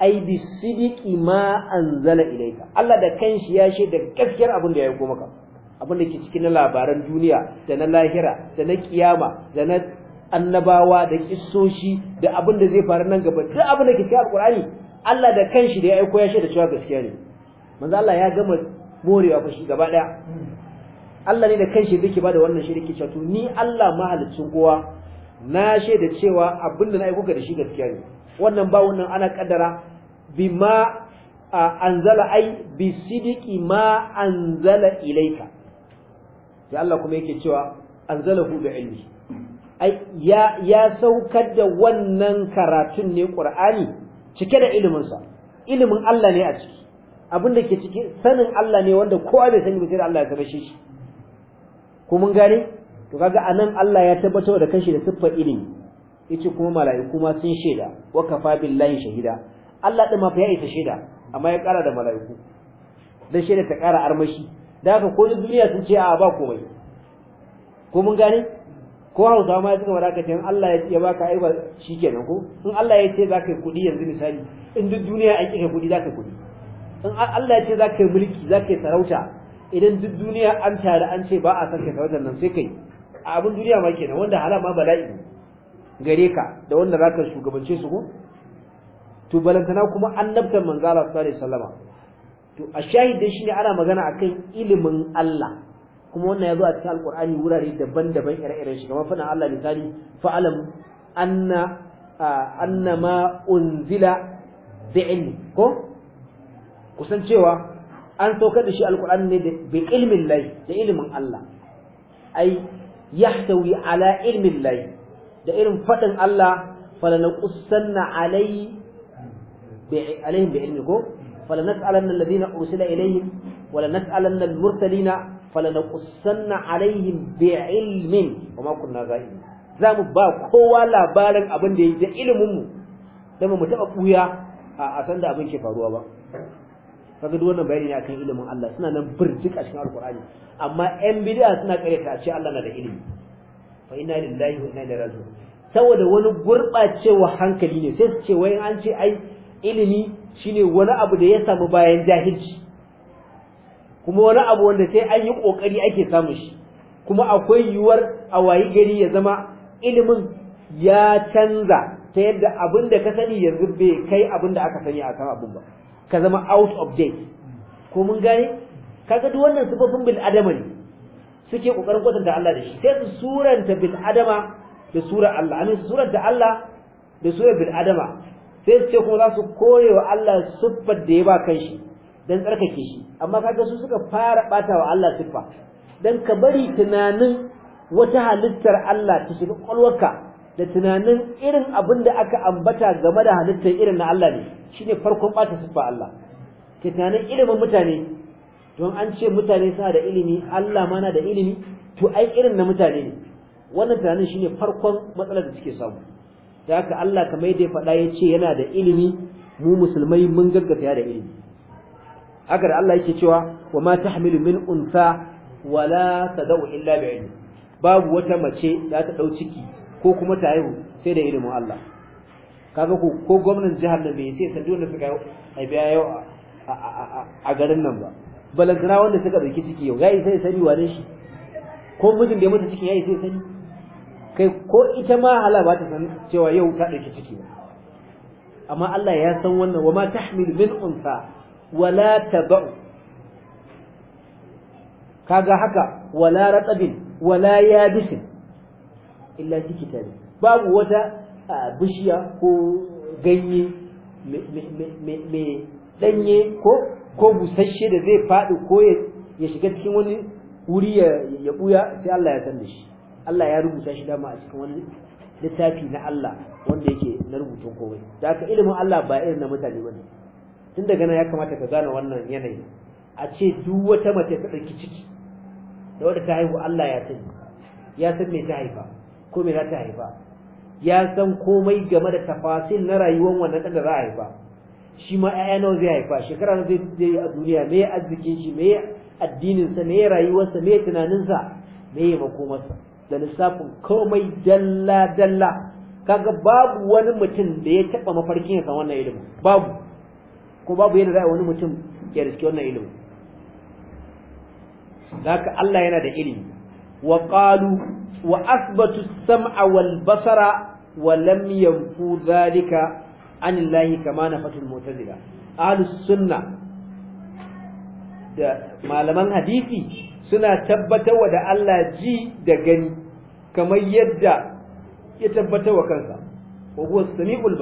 ai bi sidiki ma anzala ilaika. Allah da kanshi ya shaida gaskiyar abin da ya aiko maka abin da ke cikin labaran duniya da na lahira da na kiyama da na annabawa da kissoshi da abin da zai faru nan gaba duk abin da ke cikin alkur'ani Allah da kanshi da ya aiko ya shaida cewa gaskiya ne manzo Allah ya gama morewa fa shi gaba daya Allah ne da kanshi yake bada wannan shirki cewa to ni Allah mahaliccin kowa na shaida cewa abin da na aiko ka da shi gaskiya ne wannan ba wannan ana kaddara ma anzala ai bi sidiki ma anzala ilaika sai Allah kuma yake cewa anzalahu bi ilmi ai ya ya saukar da wannan karatun ne Qur'ani cike da ilimin sa ilimin Allah ne a ciki abin da ke ciki sanin Allah ne wanda kowa bai sani ba sai Allah ya sanar shi ku mun gane to kaga anan Allah ya tabbatar da kanshi da siffar ilimi yace kuma mala'iku ma sun shaida wa kafa billahi shahida Allah din ma fa ya isa shaida amma ya kara da mala'iku dan shaida ta kara armashi da haka ko duniya sun ce a ba komai ko mun gane ko Hausawa ma suka fara kace Allah ya baka aiwa shikenan ko in Allah ya ce zaka yi kudi yanzu misali in duk duniya an kike kudi zaka kudi in Allah ya ce zaka yi mulki zaka yi sarauta idan duk duniya an tare an ce ba a san kai sarautar nan sai kai a abin duniya ma kenan wanda ma bala'i gare ka da wanda zaka shugabance su ko to balantana kuma annabtan manzo Allah sallallahu alaihi wasallama to a shahidin shi ne ana magana akan ilimin Allah kuma wannan ya zo a cikin alqur'ani wurare daban-daban ire-iren shi kamar fana Allah misali fa'alam anna anna ma unzila bi'ilmi ko kusan cewa an saukar da shi alqur'ani ne da bi ilmin lai da ilimin Allah ai yahtawi ala ilmin lahi da irin faɗin Allah falanaqussanna alai alaihim bi ilmi ko na falanas'alanna alladhina na ilaihim walanas'alanna almursalina falanaqussanna alaihim bi ilmin wama kunna za mu ba kowa labarin abin da yake da ilimin mu dan mu taba ɓuya, a san da abin ke faruwa ba kaga duk wannan bayani ne akan ilimin Allah suna nan birjik a cikin alkur'ani amma yan bid'a suna karyata a ce Allah na da ilimi fa inna lillahi wa inna ilaihi raji'un saboda wani gurɓacewa hankali ne sai su ce wai an ce ai ilimi shine wani abu da ya samu bayan jahilci kuma wani abu wanda sai an yi kokari ake samun shi kuma akwai yiwuwar a wayi gari ya zama ilimin ya canza ta yadda abin da ka sani yanzu bai kai abin da aka sani a kan abin ba ka zama out of date ko mun gane kaga duk wannan sifofin bil adama ne suke kokarin kwatanta Allah da shi sai su suranta bil adama da sura Allah amin su suranta Allah da sura bil adama sai su ce kuma za su wa Allah siffar da ya ba kan shi dan tsarkake shi amma kaga su suka fara bata wa Allah siffa dan ka bari tunanin wata halittar Allah ta shiga kwalwarka da tunanin irin abin da aka ambata game da halittar irin na Allah ne shine farkon ɓata siffa Allah ke tunanin ilimin mutane don an ce mutane suna da ilimi Allah mana da ilimi to ai irin na mutane ne wannan tunanin shine farkon matsalar da suke samu da haka Allah kamar yadda ya faɗa ya ce yana da ilimi mu musulmai mun gaggata ya da ilimi haka da Allah yake cewa wa ma tahmilu min unsa wala tadau illa bi ilmi babu wata mace za ta ɗau ciki ko kuma ta haihu sai da ilimin Allah kaga ko ko gwamnatin jihar nan bai sai san dole suka biya yau a garin nan ba balantana wanda suka dauki ciki yau yayi sai sani wane shi ko mijin da ya mutu cikin yayi sai sani kai ko ita ma hala ba ta san cewa yau ta dauki ciki ba amma Allah ya san wannan wa ma tahmil min unsa wala tabau kaga haka wala ratabin wala yabisin illa jikita ne babu wata bishiya ko ganye mai danye ko ko busasshe da zai faɗi ko ya shiga cikin wani wuri ya buya sai Allah ya san da shi Allah ya rubuta shi dama a cikin wani littafi na Allah wanda yake na rubutun komai da haka ilimin Allah ba irin na mutane bane tun daga nan ya kamata ka gane wannan yanayi a ce duk wata mace ta ɗauki ciki da wadda ta haihu Allah ya sani ya san me ta haifa ko me za ta haifa ya san komai game da tafasil na rayuwar wannan ɗan da za a haifa shi ma ƴaƴa nawa zai haifa shekara na zai a duniya me arzikin shi me addininsa me rayuwarsa me tunaninsa me makomarsa da lissafin komai dalla dalla kaga babu wani mutum da ya taɓa mafarkin ya san wannan ilimin babu ko babu yadda za wani mutum ya riske wannan ilimin haka Allah yana da ilimi wa وأثبتوا السمع والبصر ولم ينفوا ذلك عن الله كما نفت المعتزلة أهل السنة da malaman hadisi suna tabbatarwa da Allah ji da gani kamar yadda ya tabbatarwa kansa wa huwa sami'ul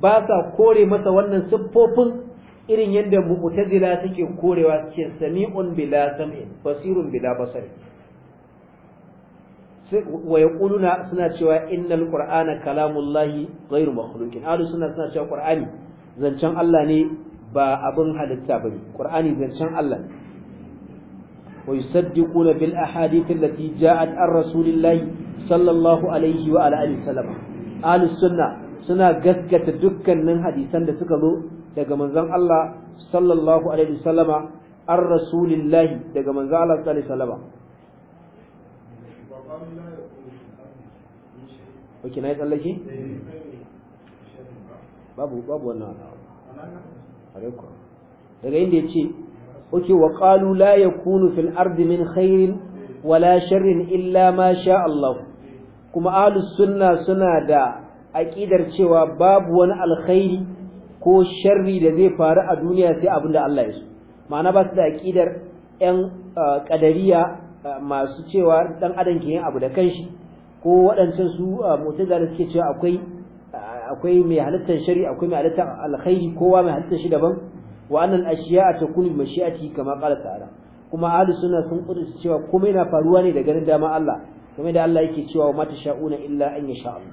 ba sa kore masa wannan siffofin irin yadda mu'tazila suke korewa suke sami'un bila sam'in basirun bila basari wa yaquluna suna cewa innal qur'ana kalamullahi ghairu makhluqin ahlu sunna suna cewa qur'ani zancen Allah ne ba abin halitta bane qur'ani zancen Allah ne wa yusaddiquna bil ahadith allati ja'at an rasulillahi sallallahu alaihi wa ala alihi sallam ahlu sunna suna gaskata dukkanin hadisan da suka zo daga manzon Allah sallallahu alaihi wasallama an rasulillahi daga manzon Allah sallallahu alaihi wasallama ok na yi tsallaki babu babu wannan alawa daga inda ya ce ok wa ƙalu la kunu fil ardimin khairin wala sharrin illa ma sha Allah kuma ahlus sunna suna da aƙidar cewa babu wani alkhairi ko sharri da zai faru a duniya sai abin da Allah ya so ma'ana ba su da aƙidar yan ƙadariya ah, ah, masu cewa ɗan adam ke yin abu da kanshi ko waɗancan su mu'tazila da suke cewa akwai akwai mai halittar shari akwai mai halittar alkhairi kowa mai halittar shi daban wa annal ashiya'a takunu bi mashi'ati kama qala ta'ala kuma ahli sunna sun kudu cewa komai na faruwa ne da ganin dama Allah kamar da Allah yake cewa ma tasha'una illa an yasha Allah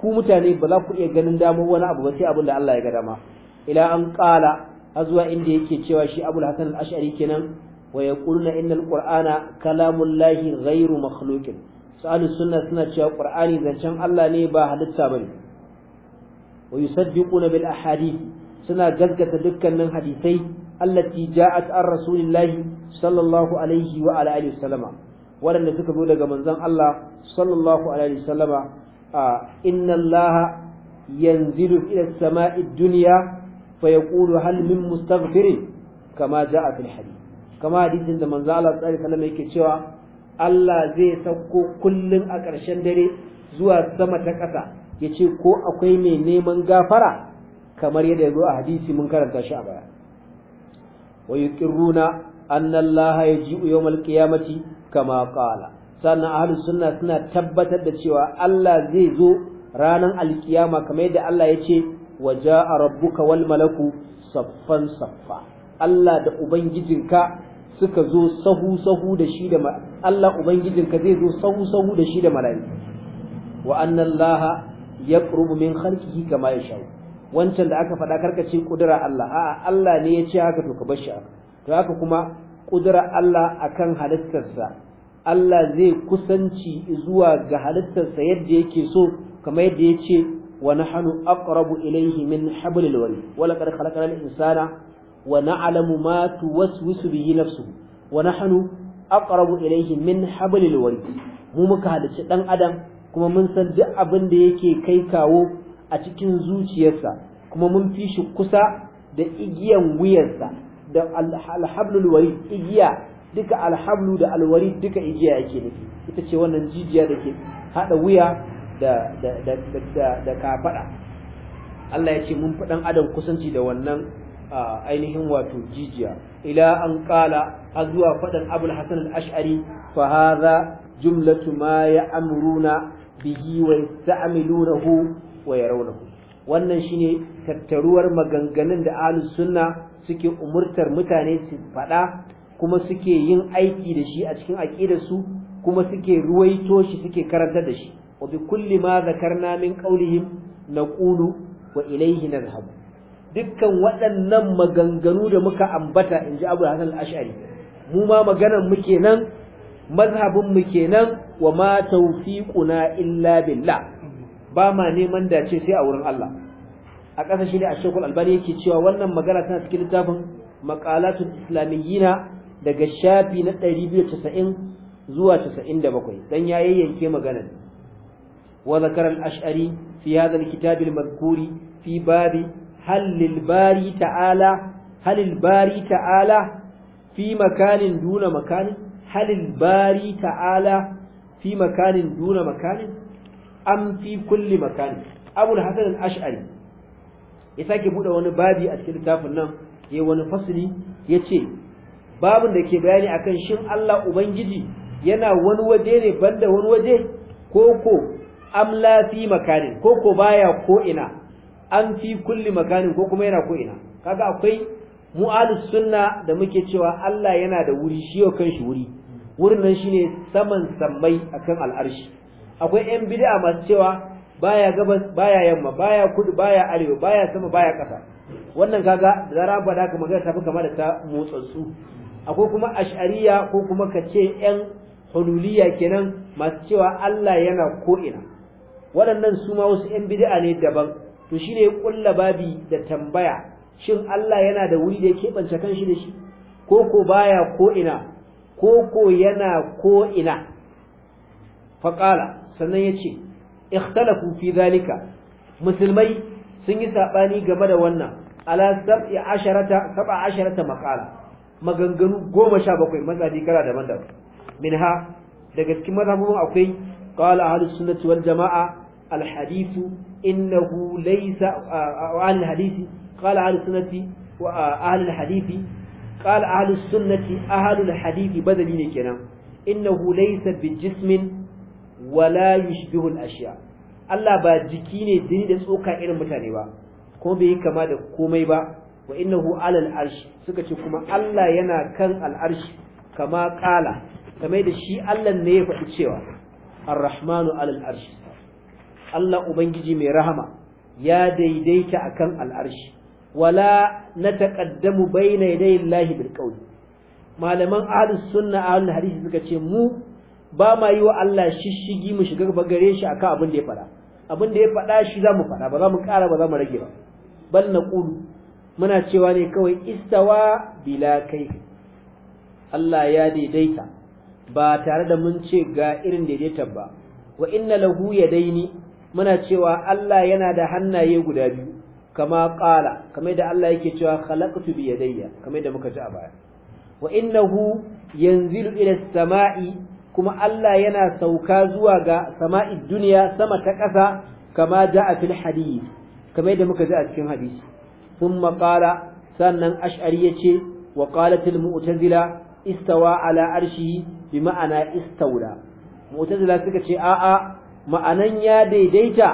ku mutane ba za ku iya ganin dama wani abu ba sai abin da Allah ya ga dama ila an qala azwa inda yake cewa shi Abul Hasan al-Ash'ari kenan wa yaquluna innal qur'ana kalamullahi ghairu makhluqin su sunna suna cewa qur'ani zancen Allah ne ba halitta bane wa yusaddiquna bil ahadith suna gaskata dukkanin hadisai allati ja'at an rasulillahi sallallahu alaihi wa ala alihi wasallama waɗanda suka zo daga manzon Allah sallallahu alaihi wasallama inna Allah yanzilu ila samai dunya fa yaqulu hal min mustaghfirin kama ja'a fil hadith kama hadisin da manzon Allah sallallahu alaihi wasallama yake cewa Allah zai sauko kullum a ƙarshen dare zuwa sama ta ƙasa ya ce ko akwai mai neman gafara kamar yadda ya zo a hadisi mun karanta shi a baya wa yuqirruna anna Allah yaji'u yawmal mati kama ƙala. sannan ahlus sunna suna tabbatar da cewa Allah zai zo ranar alƙiyama. kamar yadda Allah ya ce wa a rabbuka wal malaku saffan saffa Allah da ubangijinka suka zo sahu sahu da shi da Allah ubangijinka zai zo sahu sahu da shi da mala’i, wa anna Allah yaqrubu min khalqihi kama yasha wancan da aka faɗa karkace kudura Allah a'a Allah ne ya ce haka to ka bar shi haka to haka kuma kudura Allah akan halittarsa Allah zai kusanci zuwa ga halittarsa yadda yake so Kama yadda ya ce wa nahnu aqrabu ilayhi min hablil wali, wala qad khalaqna al-insana wa na'lamu ma tuwaswisu bihi wani wa nahnu aqrabu ilayhi min hablil warid mu muka halarci ɗan adam kuma mun san duk abin da yake kai kawo a cikin zuciyarsa kuma mun fi shi kusa da igiyan wuyarsa da alhablul warid igiya duka alhablu da alwarid duka igiya yake nufi ita ce wannan jijiya da ke haɗa wuya da kafaɗa da Allah ya ce mun fi dan adam kusanci da wannan ainihin wato jijiya ila an kala har zuwa faɗan abul hasan al-ash'ari fa hadha jumlatu ma ya'muruna bihi wa yasta'milunahu wa yarawnahu wannan shine tattaruwar maganganun da ahli sunna suke umurtar mutane su faɗa kuma suke yin aiki da shi a cikin su, kuma suke ruwaito shi suke karantar da shi wa bi kulli ma zakarna min qawlihim naqulu wa ilayhi nadhhabu dukkan waɗannan maganganu da muka ambata in ji abu hasan ash'ari mu ma maganan mu kenan mazhabin mu kenan wa ma tawfiquna illa billah ba ma neman dace sai a wurin Allah a ƙasa shi ne a shekul albani yake cewa wannan magana tana cikin littafin maqalatul islamiyyina daga shafi na 290 zuwa 97 dan ya yanke maganar wa zakara al-ash'ari fi hadha al-kitab al-madhkuri fi babi halil bari ta'ala halil bari ta'ala fi makanin duna makanin halil bari ta'ala fi makanin duna makanin am fi kulli makanin abul hasan al-ash'ari ya ke bude wani babi a cikin littafin nan yayi wani fasli yace babin da ke bayani akan shin Allah ubangiji yana wani waje ne banda wani waje koko am la fi makanin koko baya ko ina an fi kulli makanin ko kuma yana ko'ina. kaga akwai mu sunna da muke cewa Allah yana da wuri shi yau shi wuri wurin nan shine saman sammai akan al'arshi akwai yan bid'a masu cewa baya gabas baya yamma baya kudu baya arewa baya sama baya ƙasa wannan kaga da zara ba da magana tafi kama da ta motsatsu akwai kuma ash'ariya ko kuma ka ce yan hululiya kenan masu cewa Allah yana ko'ina. waɗannan su ma wasu yan bid'a ne daban to shine ya kulla babi da tambaya shin Allah yana da wuri da ya keɓance kanshi da shi ko baya ko ina ko yana ko ina faƙala sannan yace ce ikhtalafu fi zalika musulmai sun yi saɓani game da wannan ala sab'i asharata sab'a asharata maqala maganganu goma sha matsadi kara daban-daban minha daga cikin mazhabun akwai qala ahlus sunnati wal jama'a الحديث إنه ليس أهل الحديث قال أهل السنة وأهل الحديث قال أهل السنة أهل الحديث بدلين كنا إنه ليس بجسم ولا يشبه الأشياء Allah ba jiki ne jini da tsoka irin mutane ba kuma bai yi kama da komai ba wa innahu alal arshi suka ce kuma Allah yana kan al'arshi kama da shi Allah ne ya faɗi cewa ar arshi Allah Ubangiji mai rahama ya daidaita akan al'arshi wala na taqaddamu bayna yadayi Allah bil qawli malaman ahlus sunna ahlul hadisi suka ce mu ba ma yi wa Allah shishigi mu shiga gare shi akan abin da ya faɗa abin da ya faɗa shi za mu faɗa ba za mu ƙara ba za mu rage ba bal ƙulu muna cewa ne kawai istawa bila kai Allah ya daidaita ba tare da mun ce ga irin daidaita ba wa inna lahu yadaini muna cewa Allah yana da hannaye guda biyu kama ƙala, kamar da Allah yake cewa khalaqtu bi yadayya kamar da muka ji a baya wa innahu yanzilu ila samai kuma Allah yana sauka zuwa ga sama'i duniya sama ta ƙasa kama a fil hadith kamar da muka ji a cikin hadisi thumma qala sannan ash'ari yace wa qalat al mu'tazila istawa ala arshihi bi ma'ana istawla mu'tazila suka ce a'a ma'anan ya daidaita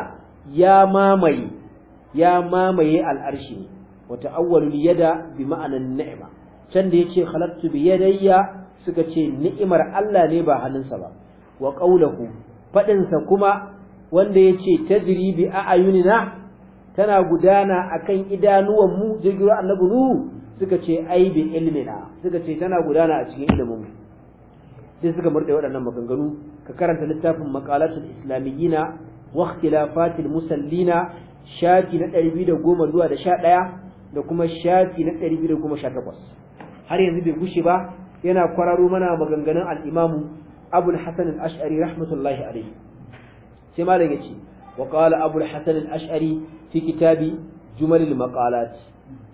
ya mamaye ya mamaye al'arshi ne wata ta'awwalul yada bi ma'anan ni'ima can da yace khalaqtu bi yadayya suka ce ni'imar Allah ne ba hannunsa ba wa qawluhu fadin sa kuma wanda yace tajri bi a'yunina tana gudana akan idanuwan mu jirgin annabi nuhu suka ce ai bi ilmina suka ce tana gudana a cikin ilimin mu sai suka murɗe waɗannan maganganu ka karanta littafin maqalatul islamiyyina wa musallina shafi na 210 zuwa da 11 da kuma shafi na 218 har yanzu bai gushe ba yana kwararo mana maganganun al-imamu abul hasan al-ash'ari rahmatullahi alayhi sai malam yace wa qala abul hasan al-ash'ari fi kitabi jumalil maqalat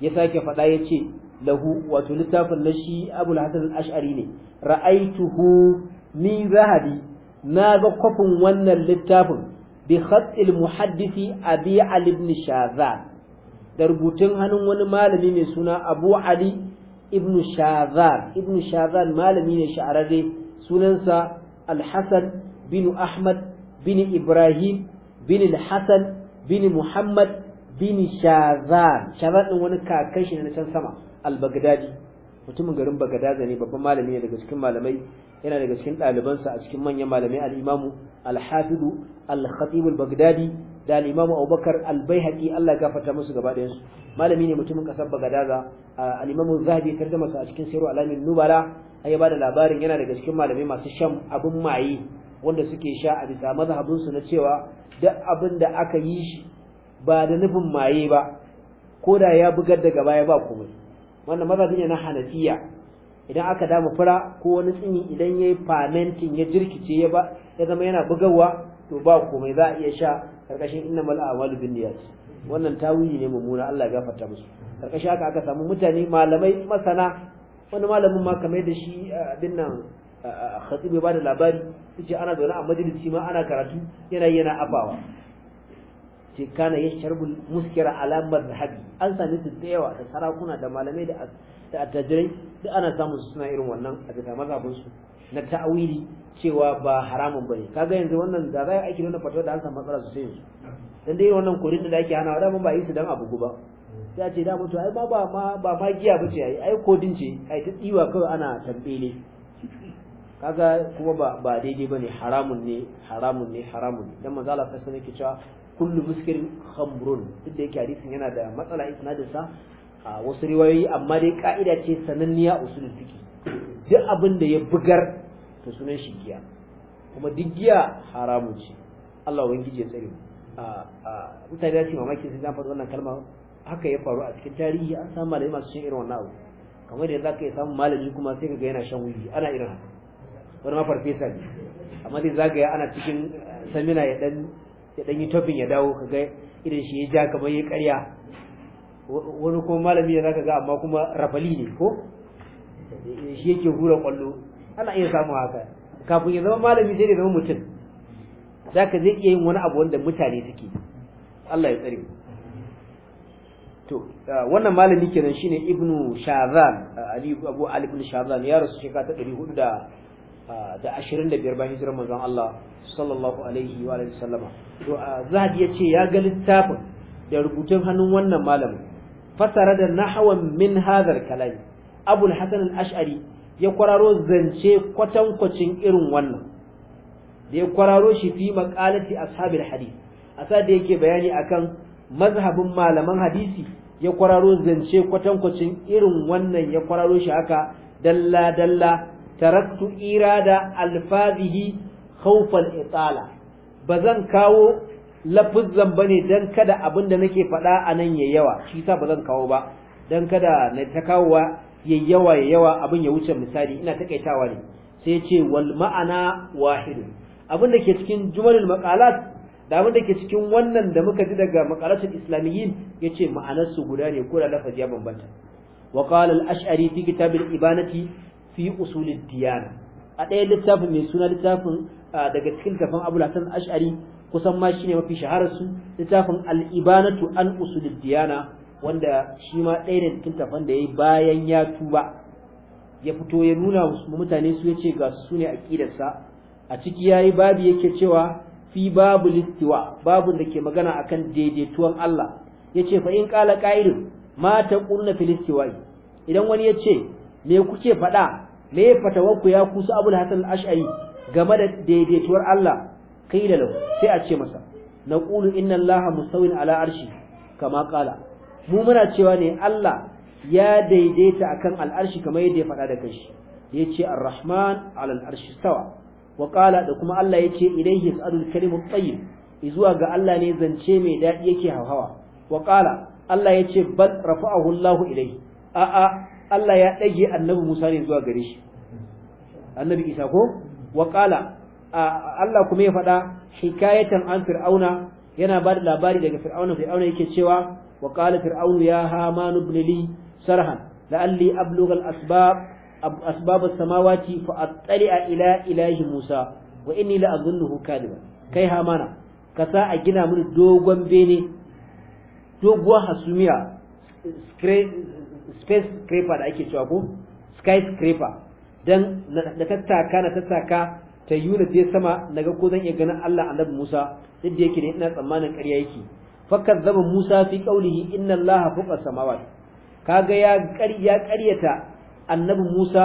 ya sake faɗa yace lahu wato littafin na shi al hasan al-ash'ari ne ra'aituhu ni zahabi na ga kwafin wannan littafin bi khatil muhaddisi abi ali ibn shazan da rubutun hannun wani malami suna abu ali ibn shazan ibn shazan malami ne sunansa al-hasan bin ahmad bin ibrahim bin al-hasan bin muhammad bin shazan shazan din wani kakashi na can sama al-Baghdadi mutumin garin Baghdad ne babban malami ne daga cikin malamai yana daga cikin ɗalibansa a cikin manyan malamai al-Imam al-Hafiz al-Khatib al-Baghdadi da al-Imam Abubakar al-Baihaqi Allah ya gafarta musu gaba ɗayan su malami ne mutumin kasar Baghdad al-Imam Zahabi tarjuma sa a cikin Sirru Alamin Nubala ai ba da labarin yana daga cikin malamai masu shan abun maye wanda suke sha a bisa mazhabin su na cewa duk abin da aka yi shi ba da nufin maye ba ko da ya bugar daga baya ba komai wannan mazaji ne na hanafiya idan aka dama fura ko wani tsini idan ya yi famentin ya jirkice ya ba ya zama yana bugawa to ba komai za a iya sha karkashin inna mal a'malu bin niyyat wannan tawili ne mummuna Allah ya gafarta musu karkashin haka aka samu mutane malamai masana wani malamin ma kamar da shi abin nan khatibi ba da labari yace ana zaune a majalisi ma ana karatu yana yana afawa ce kana sharbul muskira ala haɗi an sami su da yawa da sarakuna da malamai da da attajirai duk ana samun su suna irin wannan a bisa mazhabin su na ta'awili cewa ba haramun bane kaga yanzu wannan da za a aiki na fatawa da an samu matsala sosai yanzu dan dai wannan korin da ake hanawa da ba yi su dan abu ba sai a ce da mutu ai ma ba ma ba ma giya ce ai ai kodin ce ai ta tsiwa kawai ana tambele kaga kuma ba ba daidai bane haramun ne haramun ne haramun ne dan manzo Allah sai ke cewa kullu muskirin khamrun duk da yake hadisin yana da matsala isnadin sa a wasu riwayoyi amma dai ka'ida ce sananniya usulul fiqh duk abin da ya bugar to sunan shi giya kuma duk giya haramu ce Allah ubangiji ya tsare mu mutane da su mamaki sun zan faɗi wannan kalma haka ya faru a cikin tarihi an samu malami masu shan irin wannan abu kamar da za ka iya samun malami kuma sai ka ga yana shan wuyi ana irin haka wani ma farfesa ne amma zai zagaya ana cikin eh, samina ya dan ya dan yi tofin ya dawo kaga idan shi ya ja kamar ya karya wani ko malami ya zaka ga amma kuma rafali ne ko shi yake hura kwallo ana iya samu haka kafin ya zama malami sai ya zama mutum zaka zai iya yin wani abu wanda mutane suke Allah ya tsare mu to wannan malami kenan shine ibnu shazan ali abu ali ibn shazan ya rasu shekara ta 400 da ashirin da biyar bayan hijirar manzon Allah sallallahu alaihi wa alihi sallama to ya ce ya ga littafin da rubutun hannun wannan malamin fasara da nahawan min hadhar kalam al hasan al-ash'ari ya kwararo zance kwatankwacin irin wannan da ya kwararo shi fi maqalati ashabil hadith asa da yake bayani akan mazhabin malaman hadisi ya kwararo zance kwatankwacin irin wannan ya kwararo shi haka dalla dalla taraktu irada alfazihi khawfal itala bazan kawo lafuzzan bane dan kada abinda nake faɗa anan nan yayi yawa shi ba bazan kawo ba dan kada na ta kawowa yayi yawa yayi yawa abin ya wuce misali ina takaitawa ne sai ce wal ma'ana wahid abin ke cikin jumalul maqalat da abin ke cikin wannan da muka ji daga maqalatul islamiyyin yace ma'anar su guda ne ko da lafazi ya bambanta wa qala al ash'ari fi kitab al ibanati fi usulid diyana a ɗaya littafin mai suna littafin daga cikin tafan Abu Hasan Ash'ari kusan ma shine mafi shaharar su littafin al-ibanatu an usulid diyana wanda shi ma ɗaya ne cikin tafan da yayi bayan ya tuba ya fito ya nuna mutane su yace ga su ne aqidarsa a ciki yayi babu yake cewa fi babu listiwa babun da ke magana akan daidaituwan Allah yace fa in qala qa'ilun ma ta fil idan wani ya ce. me kuke faɗa me fatawar ku ya kusa abul hasan al-ash'ari game da daidaituwar Allah qila lahu sai a ce masa naqulu inna allaha mustawin ala arshi kama qala mu muna cewa ne Allah ya daidaita akan al'arshi kamar yadda ya faɗa da kashi yace ar-rahman ala al-arshi stawa wa qala da kuma Allah yace ilayhi yas'alul kalimut tayyib izuwa ga Allah ne zance mai daɗi yake hawa wa qala Allah yace bal rafa'ahu Allahu ilayhi a'a Allah ya ɗage annabi Musa ne zuwa gare shi annabi Isa ko waƙala Allah kuma ya faɗa hikayatan an fir'auna yana ba da labari daga fir'auna fir'auna yake cewa waƙala fir'auna fir'aunu ya hama ibn li sarhan la'alli ablugha asbab asbab as a fa attali'a ila ilahi Musa wa inni la kadi ba kai hamana ka sa a gina mini dogon bene doguwar hasumiya space scraper da ake cewa ko scraper dan na tattaka na tattaka ta yuna je sama naga ko zan iya ganin Allah annabi Musa duk da yake ne ina tsammanin ƙarya yake fakazzaba Musa fi qawlihi inna Allah fuqa samawati kaga ya ya ƙaryata annabi Musa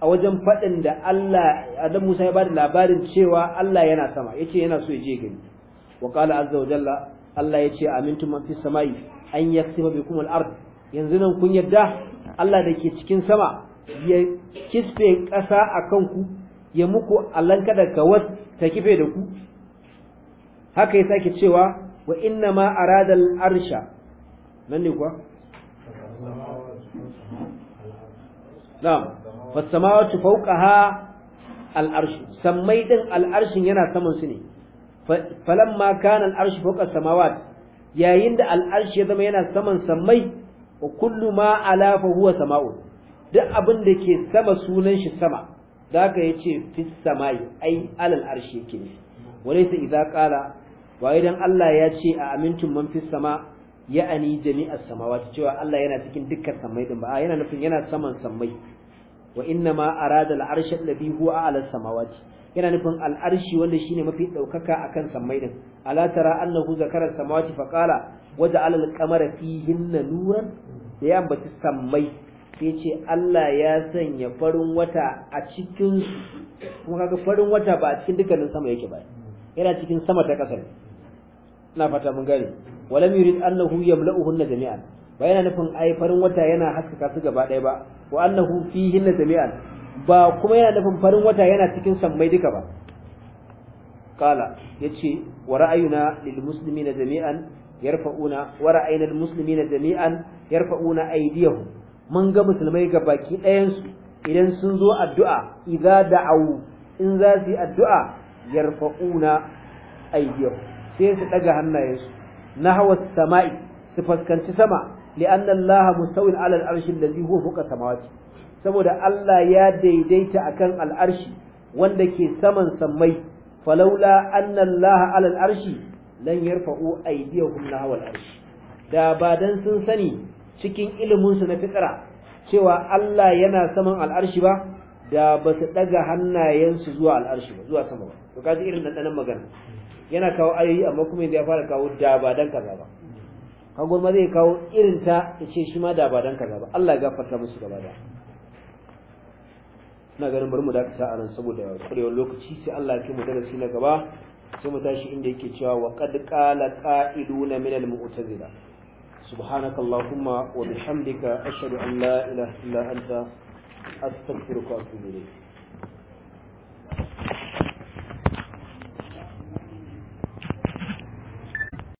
a wajen faɗin da Allah annabi Musa ya bada labarin cewa Allah yana sama yace yana so ya je gani wa qala azza wa jalla Allah yace amintu man fi samai an yaksifa bikum al-ard yanzu nan kun yadda Allah da ke cikin sama ya kisfe ƙasa a kanku ya muku allan kada ka wasu ta kife da ku haka ya sake cewa wa inna ma arada arsha nan ne kuwa na'am fasamawatu fawqaha al-arsh sammai din al-arshin yana saman su ne falamma kana al-arshu fawqa samawat yayin da al ya zama yana saman sammai wa kullu ma ala fa huwa sama'un duk abin da ke sama sunan shi sama zaka yace fi samai ai alal arshi ke ne walaysa idza qala wa idan Allah ya ce a amintum man fi sama ya'ani jami'as samawati cewa Allah yana cikin dukkan samai din ba yana nufin yana saman samai wa inna ma arada al-arsha alladhi huwa ala samawati yana nufin al-arshi wanda shine mafi daukaka akan samai din ala tara annahu zakara samawati fa qala waje alal kamara fihin nuran da ya ambaci sammai sai ce Allah ya sanya farin wata a cikin kuma kaga farin wata ba a cikin dukkanin sama yake ba yana cikin sama ta kasar ina fata mun gane walam yurid annahu yamla'uhunna jami'an ba yana nufin ai farin wata yana haskaka su gaba ɗaya ba wa annahu fihinna jami'an ba kuma yana nufin farin wata yana cikin sammai duka ba qala yace wa ra'ayuna lil muslimina jami'an yarfa'una wa ra'ayna almuslimina jami'an yarfa'una aydiyahum mun ga musulmai ga baki ɗayansu idan sun zo addu'a idza da'u in za su yi addu'a yarfa'una aydiyahum sai su ɗaga hannayensu nahwa samai su fuskanci sama li'anna allaha mustawin 'ala al'arshi allazi huwa fawqa samawati saboda Allah ya daidaita akan al'arshi wanda ke saman sammai falaula anna allaha 'ala al'arshi lan yarfa'u aydiyahum nahwal arsh da ba dan sun sani cikin ilimin su na fitra cewa Allah yana saman al'arshi ba da ba su daga su zuwa al'arshi ba zuwa sama ba to kaji irin dandanan magana yana kawo ayoyi amma kuma ya fara kawo da ba dan kaza ba kago ma zai kawo irin ta ce shi ma da ba dan kaza ba Allah ya gafarta musu gaba da ina ganin bari mu dakata a nan saboda kurewar lokaci sai Allah ya kai mu shi na gaba sai mu tashi inda yake cewa wa qad qala na min al-mu'tazila سبحانك اللهم وبحمدك أشهد أن لا إله إلا أنت أستغفرك وأتوب إليك